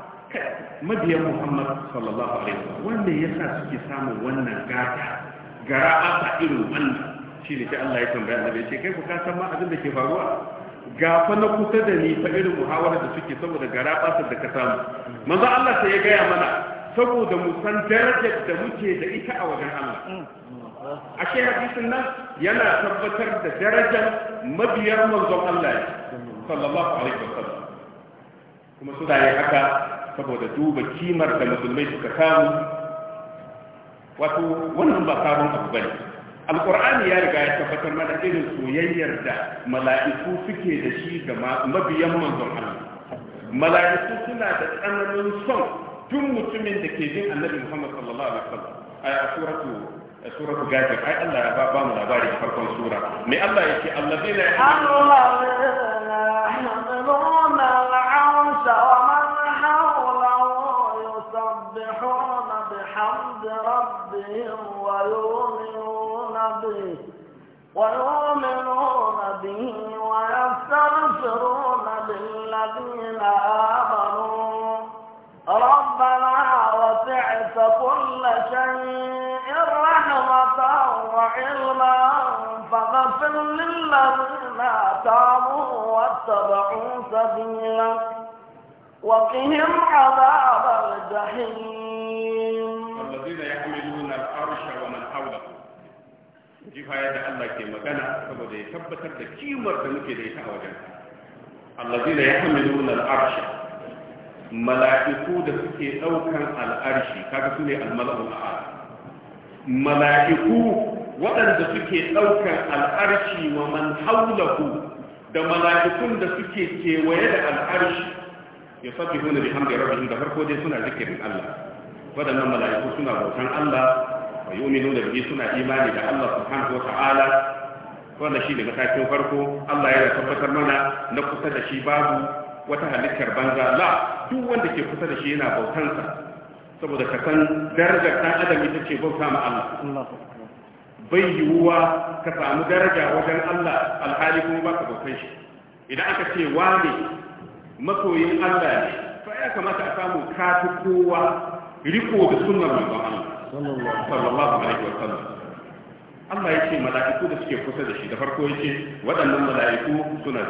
mabiyan Muhammad sallallahu alaihi wasallam wanda yasa suke samun wannan gata gara aka irin wannan shi ne sai Allah ya tambaya annabi ce kai ka san ma abin da ke faruwa ga na kusa da ni fa irin muhawara da suke saboda gara da ka samu manzo Allah sai ya gaya mana saboda mu san darajar da muke da ita a wajen Allah ashe hadisin nan yana tabbatar da darajar mabiyar manzon Allah sallallahu alaihi wasallam kuma su da haka saboda duba kimar da musulmai suka samu wato wannan ba sabon abu bane alkur'ani ya riga ya tabbatar mana irin soyayyar da mala'iku suke da shi ga mabiyan manzon Allah mala'iku suna da tsananin son tun mutumin da ke jin annabi Muhammad sallallahu alaihi wasallam a suratu suratu gajir ai Allah ya ba mu labari a farkon sura me Allah yake allazina ya'lamu للذين تابوا واتبعوا سبيلك وقهم عذاب الجحيم والذين يحملون العرش ومن حوله جفاية الله كي مغنى saboda ya tabbatar da kimar da muke da ita a wajen allazina yahmiluna al-arsh mala'iku da suke daukan al-arshi kaga sune al-mala'ul a'la mala'iku waɗanda suke ɗaukar al'arshi wa man haulahu da mala'ikun da suke kewaye da al'arshi ya sabbi hune bi hamdi rabbihim da farko dai suna zikirin Allah waɗannan mala'iku suna bautan Allah wa yu'minu da bihi suna imani da Allah subhanahu wa ta'ala wanda shi ne matakin farko Allah ya tabbatar mana na kusa da shi babu wata halittar banza la duk wanda ke kusa da shi yana bautansa saboda ka san darajar ɗan adam ita ce bauta ma Allah bai yiwuwa ka samu daraja wajen Allah alhali kuma ba ka bautan shi idan aka ce wa ne masoyin Allah ne fa ya kamata a samu kafi kowa riko da sunnar manzon Allah sallallahu alaihi wa sallam Allah ya ce mala'iku da suke kusa da shi da farko ya ce waɗannan mala'iku suna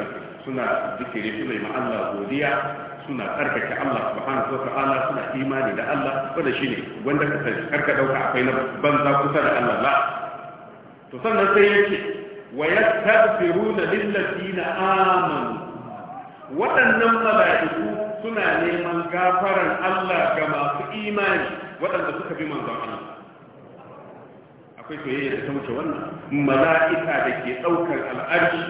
suna zikiri suna yi Allah godiya suna tsarkake Allah subhanahu wata'ala suna imani da Allah wanda shine wanda ka karka dauka akwai na banza kusa da Allah la to sannan sai ya ce wa yastaghfiruna na amanu waɗannan mala'iku suna neman gafaran Allah ga masu imani waɗanda suka bi manzon Allah akwai soyayya da ta wuce wannan mala'ika da ke ɗaukar al'arshi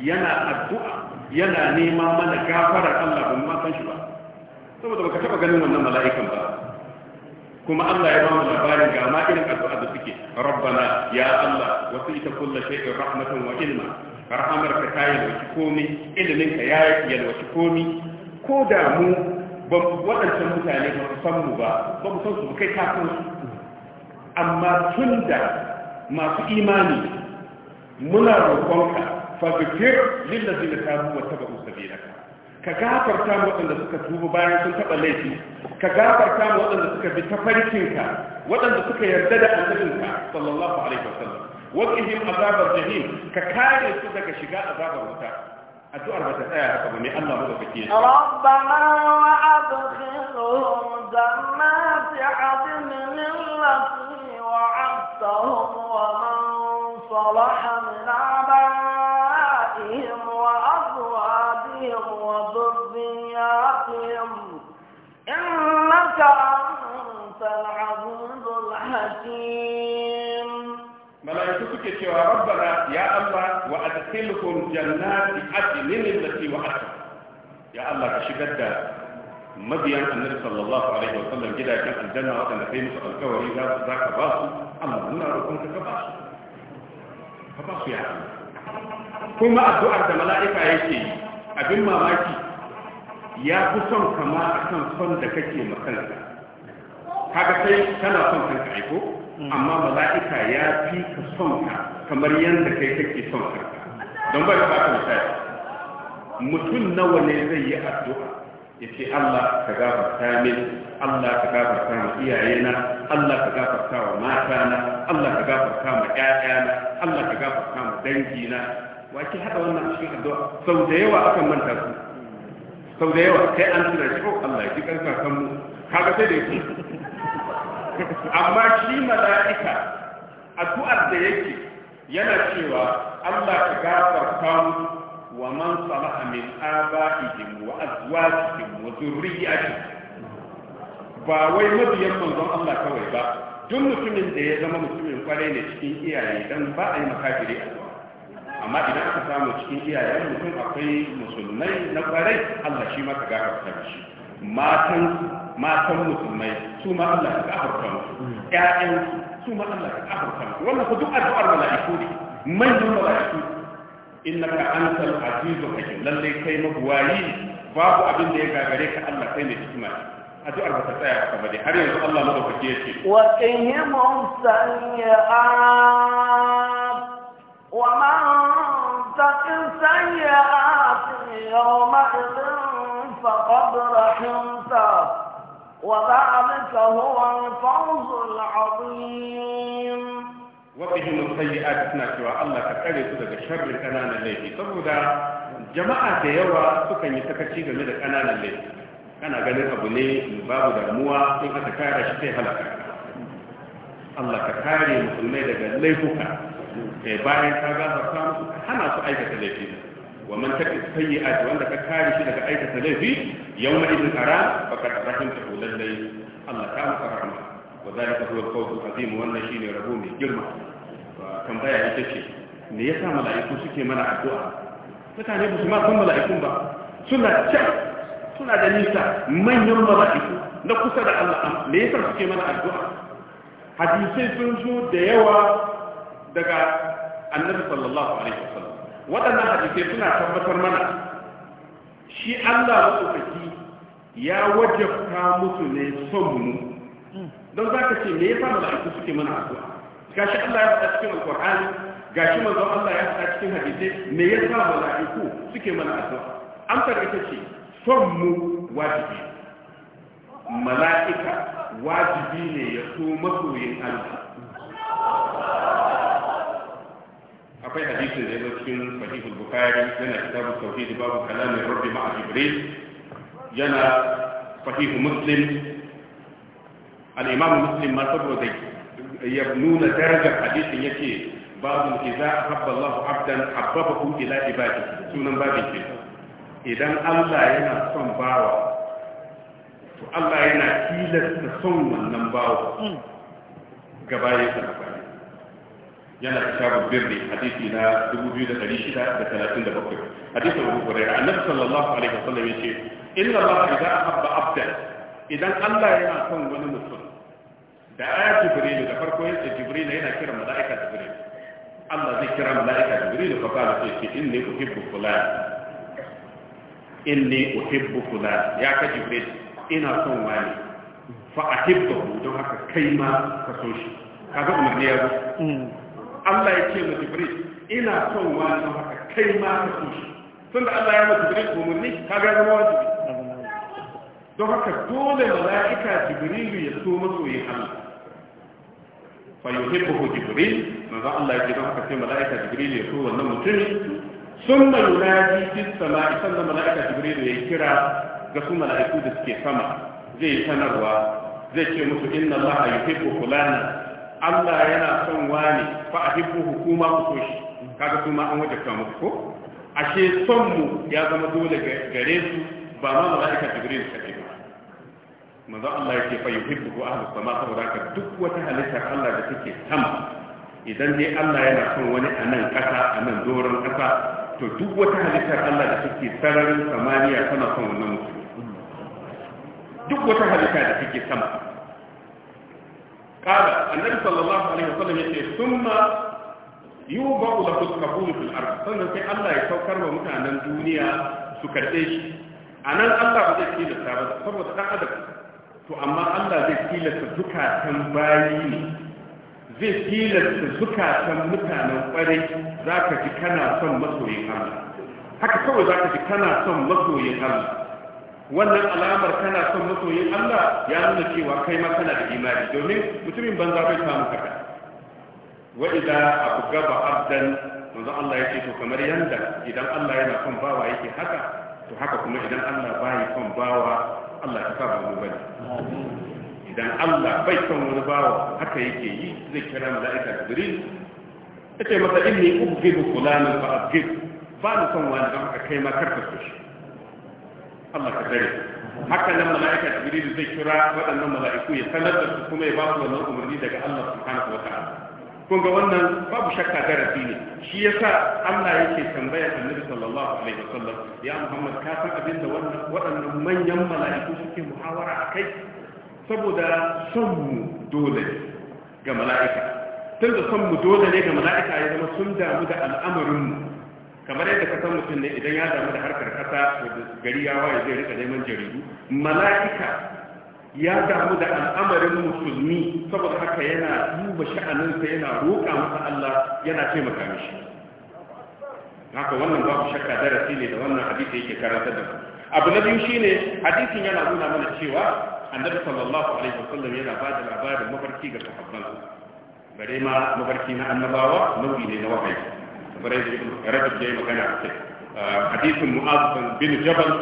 yana addu'a yana nema mana gafarar Allah ban ma san shi ba saboda baka taɓa ganin wannan mala'ikan ba kuma Allah ya ba mu labarin ga ma irin addu'a da suke rabbana ya Allah sita kullu shay'in rahmatan wa ilma rahamar ka ta yi komi ilimin ka ya yi yalwaci komi ko da mu ba waɗancan mutane ba su san mu ba ba mu san su ba kai kafin san amma tun da masu imani muna roƙonka fa zikir lillazina tabu wa tabu sabilaka ka gafarta mu waɗanda suka tuba bayan sun taɓa laifi ka gafarta mu waɗanda suka bi tafarkinka waɗanda suka yarda da annabinka sallallahu alaihi wasallam waqihim azabar jahim ka kare su daga shiga azabar wuta addu'ar ba ta tsaya haka ba ne Allah ba ka kiyaye rabbana wa adkhilhum jannati adnin allati wa'adtahum wa man salaha إنك أنت العزيز الحكيم ملائكة سكتي ربنا يا الله وأدخلكم جنات عدن التي وعدتم يا الله كشكت mabiyan annabi sallallahu alaihi wa sallam gidajen aljanna waɗanda kai musu alkawari za za ka ba su Allah muna roƙon ka ya kuma addu'ar da mala'ika yake yi abin mamaki ya fi son kama a kan son da kake makanta kaga sai kana son kanka aiko mm. amma mala'ika ya fi ka son ka kamar yadda kai kake son kanka don bai ba ka misali mutum nawa ne zai yi addu'a ya ce Allah ka gafarta min Allah ka gafarta ma iyayena Allah ka gafarta wa matana Allah ka gafarta ma ƴaƴana Allah ka gafarta ma dangina wa ke hada wannan cikin addu'a sau da yawa akan manta su sau da yawa sai an tuna shi ko oh, Allah ya ji karfa kan mu kaga sai da yake amma shi mala'ika addu'ar da yake yana cewa Allah ka gafarta mu wa man salaha min aba'ihim wa azwajihim wa dhurriyyatihim ba wai mabiyan manzon Allah kawai ba duk mutumin da ya zama mutumin kwarai ne cikin iyaye dan ba a yi makafiri a amma idan aka samu cikin iyayen mutum akwai musulmai na kwarai Allah shi ma ka gafarta mishi matan matan musulmai su ma Allah ka gafarta musu ƴaƴan su ma Allah ka gafarta musu wannan ku duk addu'ar mala'iku ne manyan mala'iku innaka antal azizul hakim lalle kai mabuwayi babu abin da ya gagare ka Allah kai mai hikima addu'ar ba ta tsaya haka ba dai har yanzu Allah madaukake yake wa qihim sayi'at ومن تق السيئات يومئذ فقد رحمته وذلك هو الفوز العظيم وبهم السيئات سنة الله كتاري سدك شر كنان الليل سبودا جماعة يوى سكن يتكشي جميل كنان الليل أنا ganin abu ne babu damuwa in aka kara shi sai halaka Allah ka kare musulmai Eh, bayan ka ga musu samu hana su aikata laifi wa man taki sayyi'at wanda ka kare shi daga aikata laifi yawma idin ara faqad rahimta lallai Allah ta maka rahama wa zalika huwa al-fawz al-azim wannan shine rabo mai girma tambaya ita ce me yasa mala'iku suke mana addu'a mutane ba su ma san mala'ikun ba suna can suna da nisa manyan mala'iku na kusa da Allah me yasa suke mana addu'a hadisai sun zo da yawa daga annabi sallallahu alaihi wasallam waɗannan hadisai suna tabbatar mana shi Allah matsofaki ya wajabta musu ne son mu don za ka ce me yasa mala'iku suke mana addu'a shi Allah ya faɗa cikin alqur'ani gashi manzon Allah ya faɗa cikin hadisai me yasa mala'iku suke mana addu'a amsar ita ce son mu wajibi mala'ika wajibi ne ya so masoyin Allah akwai hadisin da ya cikin sahihul bukhari yana kitabu tauhid babu kalamin rabbi ma'a jibril yana sahihu muslim al-imam muslim ma saboda ya nuna darajar hadisin yake babu idza habba Allah abdan habbahu ila ibadihi sunan babin ke idan Allah yana son bawa to Allah yana tilasta son wannan bawa hmm. gaba ya sa yana kitabul birri hadisi na 2637 hadisin Abu Hurairah annabi sallallahu alaihi wasallam yace inna Allah idza ahabba abdan idan Allah yana son wani mutum da ayat Jibril da farko yace Jibril yana kira malaika Jibril Allah zai kira malaika Jibril fa kana sai ce inni uhibbu fulan inni uhibbu fulan ya ka Jibril ina son wani fa ahibbu don haka kai ma ka so shi kaga umarni ya zo Allah ya ce mu Jibril ina son wani haka kai ma ka so shi tun da Allah ya mu Jibril umarni ka ga zama wajibi don haka dole mala'ika Jibril ya so masoyin Allah fa yuhibbu Jibril manzo Allah ya ce don haka sai mala'ika Jibril ya so wannan mutumin sun malunaji fi isan da mala'ika Jibril ya kira ga su mala'iku da suke sama zai sanarwa zai ce musu inna Allah yuhibbu fulana Allah yana son wani fa a hibbu hukuma ku so shi kaga su ma an ka muku ko ashe son mu ya zama dole gare su ba ma malaika jibril ka ce ba manzo Allah yake fa yuhibbu ahlu sama saboda ka duk wata halitta Allah da take sama idan dai Allah yana son wani a nan kasa a nan doron kasa to duk wata halitta Allah da take sararin samaniya tana son wannan mutum duk wata halitta da take sama qala annabi sallallahu alaihi wasallam yace thumma yubau lahu al-qabul fil ard sannan sai Allah ya saukar wa mutanen duniya su karbe shi anan Allah ba zai tilasta ba saboda dan adam to amma Allah zai tilasta zukatan bayi zai tilasta zukatan mutanen kwarai zaka ji kana son masoyin Allah haka kawai zaka ji kana son masoyin Allah wannan alamar kana son masoyin Allah ya nuna cewa kai ma kana da imani domin mutumin banza bai samu haka wa idza gaba abdan manzo Allah yake to kamar yanda idan Allah yana son bawa yake haka to haka kuma idan Allah bai son bawa Allah ta saba mu bane idan Allah bai son wani bawa haka yake yi zai kira malaika Jibril ce masa inni ubghibu fulanan fa abghib ba ni son wani don haka kai ma karka so shi Allah ka kare haka nan mala'ika jibril zai kira waɗannan mala'iku ya sanar da su kuma ya ba su wannan umarni daga Allah subhanahu wata'ala kun ga wannan babu shakka darasi ne shi yasa Allah yake tambaya annabi sallallahu alaihi wasallam ya Muhammad ka san abin da waɗannan manyan mala'iku suke muhawara akai saboda son mu dole ga mala'ika tunda son mu dole ne ga mala'ika ya zama sun damu da al'amarin mu kamar yadda ka san mutum ne idan ya damu da harkar kasa gari ya waye zai rika neman jaridu mala'ika ya damu da al'amarin musulmi saboda haka yana duba sha'aninsa yana roƙa masa Allah yana taimaka mishi haka wannan babu shakka darasi ne da wannan hadisi yake karanta da abu na biyu shine hadisin yana nuna mana cewa annabi sallallahu alaihi wasallam yana ba da labarin mafarki ga sahabban bare ma mafarki na annabawa nauyi ne na wahayi kamar yadda ibn rajab yayi magana a kai hadithun mu'az bin jabal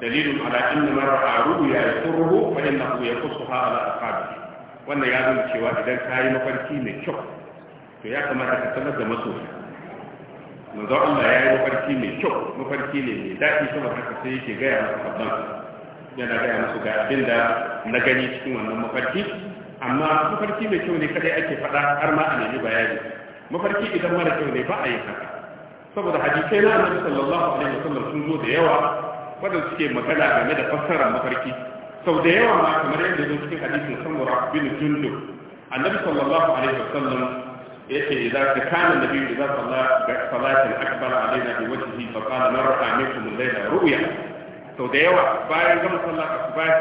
dalilun ala anna man ra'a ru'ya yasurruhu fa innahu yaqussuha ala ashabihi wannan ya nuna cewa idan kayi mafarki mai kyau to ya kamata ka sanar da masoya manzo Allah ya yi mafarki mai kyau mafarki ne mai daɗi saboda yake gaya masa yana gaya musu ga abin da na gani cikin wannan mafarki amma mafarki mai kyau ne kadai ake faɗa har ma a nemi bayani mafarki idan mara kyau ne ba a yi haka saboda hadisai na annabi sallallahu alaihi wasallam sun zo da yawa wanda suke magana game da fassara mafarki sau da yawa ma kamar yadda zo cikin hadisin samura bin jundub annabi sallallahu alaihi wasallam yake idza kana nabi idza salla bi salatin akbar alaina bi wajhihi fa qala man ra'a minkum al-layla ru'ya sau da yawa bayan gama sallar asubahi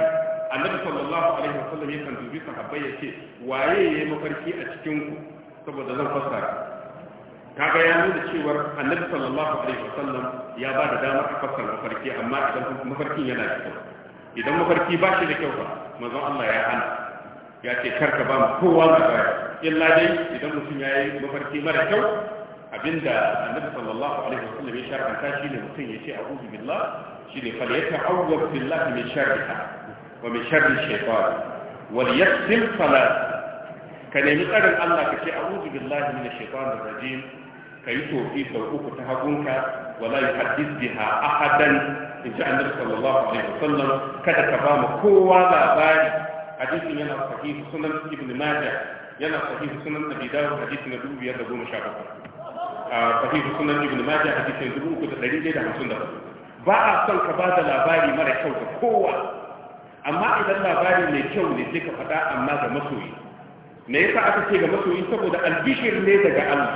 annabi sallallahu alaihi wasallam yakan dubi sahabbai yace waye ya yi mafarki a cikin ku saboda zan fassara kaga ya nuna cewar annabi sallallahu alaihi wasallam ya ba da damar a fassara mafarki amma idan mafarkin yana da kyau idan mafarki ba shi da kyau ba manzon Allah ya hana ya ce karka ba mu kowa labari illa dai idan mutum ya yi mafarki mara kyau abinda annabi sallallahu alaihi wasallam ya sharanta shine mutum ya ce a'udhu billah shine fal yata'awwad billahi min sharriha wa min sharri shaytan wal yasil salat ka nemi tsarin Allah ka ce a'udhu billahi minash shaitanir rajim ka yi tofi sau uku ta hagunka wala yuhaddith biha ahadan in ji annabi sallallahu alaihi wasallam kada ka ba mu kowa labari hadisin yana sahihu sunan ibn majah yana sahihu sunan abi dawud hadisi na 2517 a sahihu sunan ibn majah hadisi na 3154 ba a son ka ba da labari mara kyau ga kowa amma idan labari mai kyau ne sai ka faɗa amma ga masoyi me yasa aka ce ga masoyi saboda albishir ne daga Allah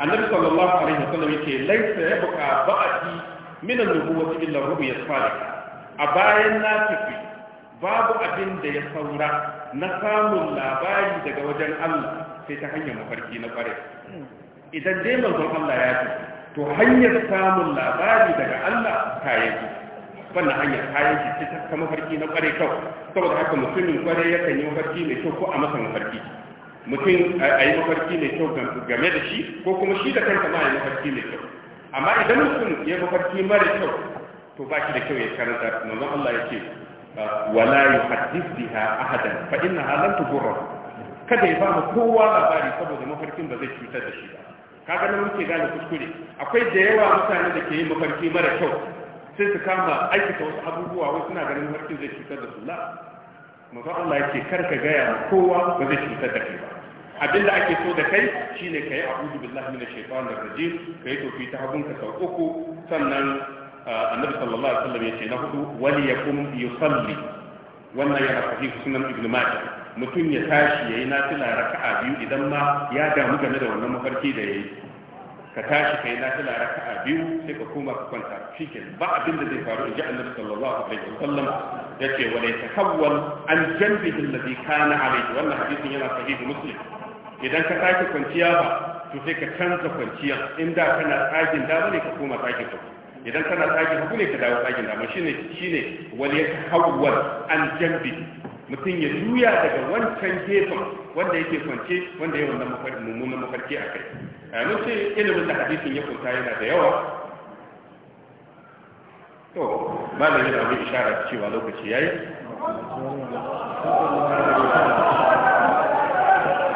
annabi sallallahu alaihi wasallam yake laisa yabqa ba'di min an-nubuwwati illa ru'ya salih a bayan na tafi babu abin da ya saura na samun labari daga wajen Allah sai ta hanyar mafarki na kware idan dai manzon Allah ya tafi to hanyar samun labari daga Allah ta yi wannan hanyar kayan shi ta ta mafarki na kwarai kyau saboda haka mutumin kwarai kan yi mafarki mai kyau ko a masa mafarki mutum a yi mafarki mai kyau game da shi ko kuma shi da kanta ma ya mafarki mai kyau amma idan mutum ya mafarki mara kyau to ba shi da kyau ya karanta manzon Allah ya ce ah, wala yuhaddith biha ahadan fa innaha lan tughra kada ya ba mu kowa labari saboda mafarkin ba zai cutar da shi ba kaga nan muke gane kuskure akwai da yawa mutane da ke yin mafarki mara kyau sai su kama aikata wasu abubuwa wai suna ganin mafarkin zai cutar da su la Allah yake kar ka gaya ma kowa ba zai cutar da kai ba abinda ake so da kai shine kai a'udhu billahi minash da rajim kai tofi ta hagunka sau uku sannan annabi sallallahu alaihi wasallam yace na hudu wali yakum yusalli wannan yana sahih sunan ibn majah mutum ya tashi yayi nafila raka'a biyu idan ma ya damu game da wannan mafarki da yayi ka tashi kai na nafila a biyu sai ka koma ka kwanta shikenan ba abin da zai faru inji annabi sallallahu alaihi wasallam yace wa la tahawwal an janbihi alladhi kana alayhi wannan hadisin yana sahihu muslim idan ka sake kwanciya ba to sai ka canza kwanciya in da kana tsakin dama ne ka koma tsakin hagu idan kana tsakin hagu ne ka dawo tsakin dama shine shine wal yatahawwal an janbi mutum ya juya daga wancan gefen wanda yake kwance wanda ya wannan mummunan mafarki a kai a mun ce ilimin da hadisin ya kunta yana da yawa to malam yana mun isharar cewa lokaci yayi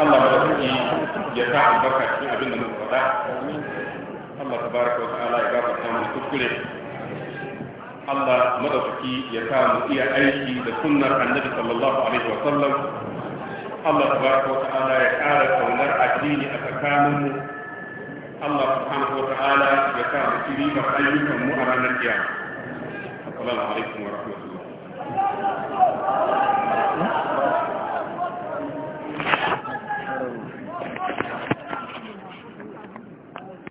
Allah madaukaki ya sa albarka cikin abin da muka faɗa Allah tabaraka wa ta'ala ya gafarta mana kuskure Allah madaukaki ya sa mu iya aiki da sunnar Annabi sallallahu alaihi wa sallam Allah tabaraka wa ta'ala ya ƙara kaunar addini a tsakaninmu الله سبحانه وتعالى يكاد كريم قيوم مؤمن القيامة السلام عليكم ورحمة الله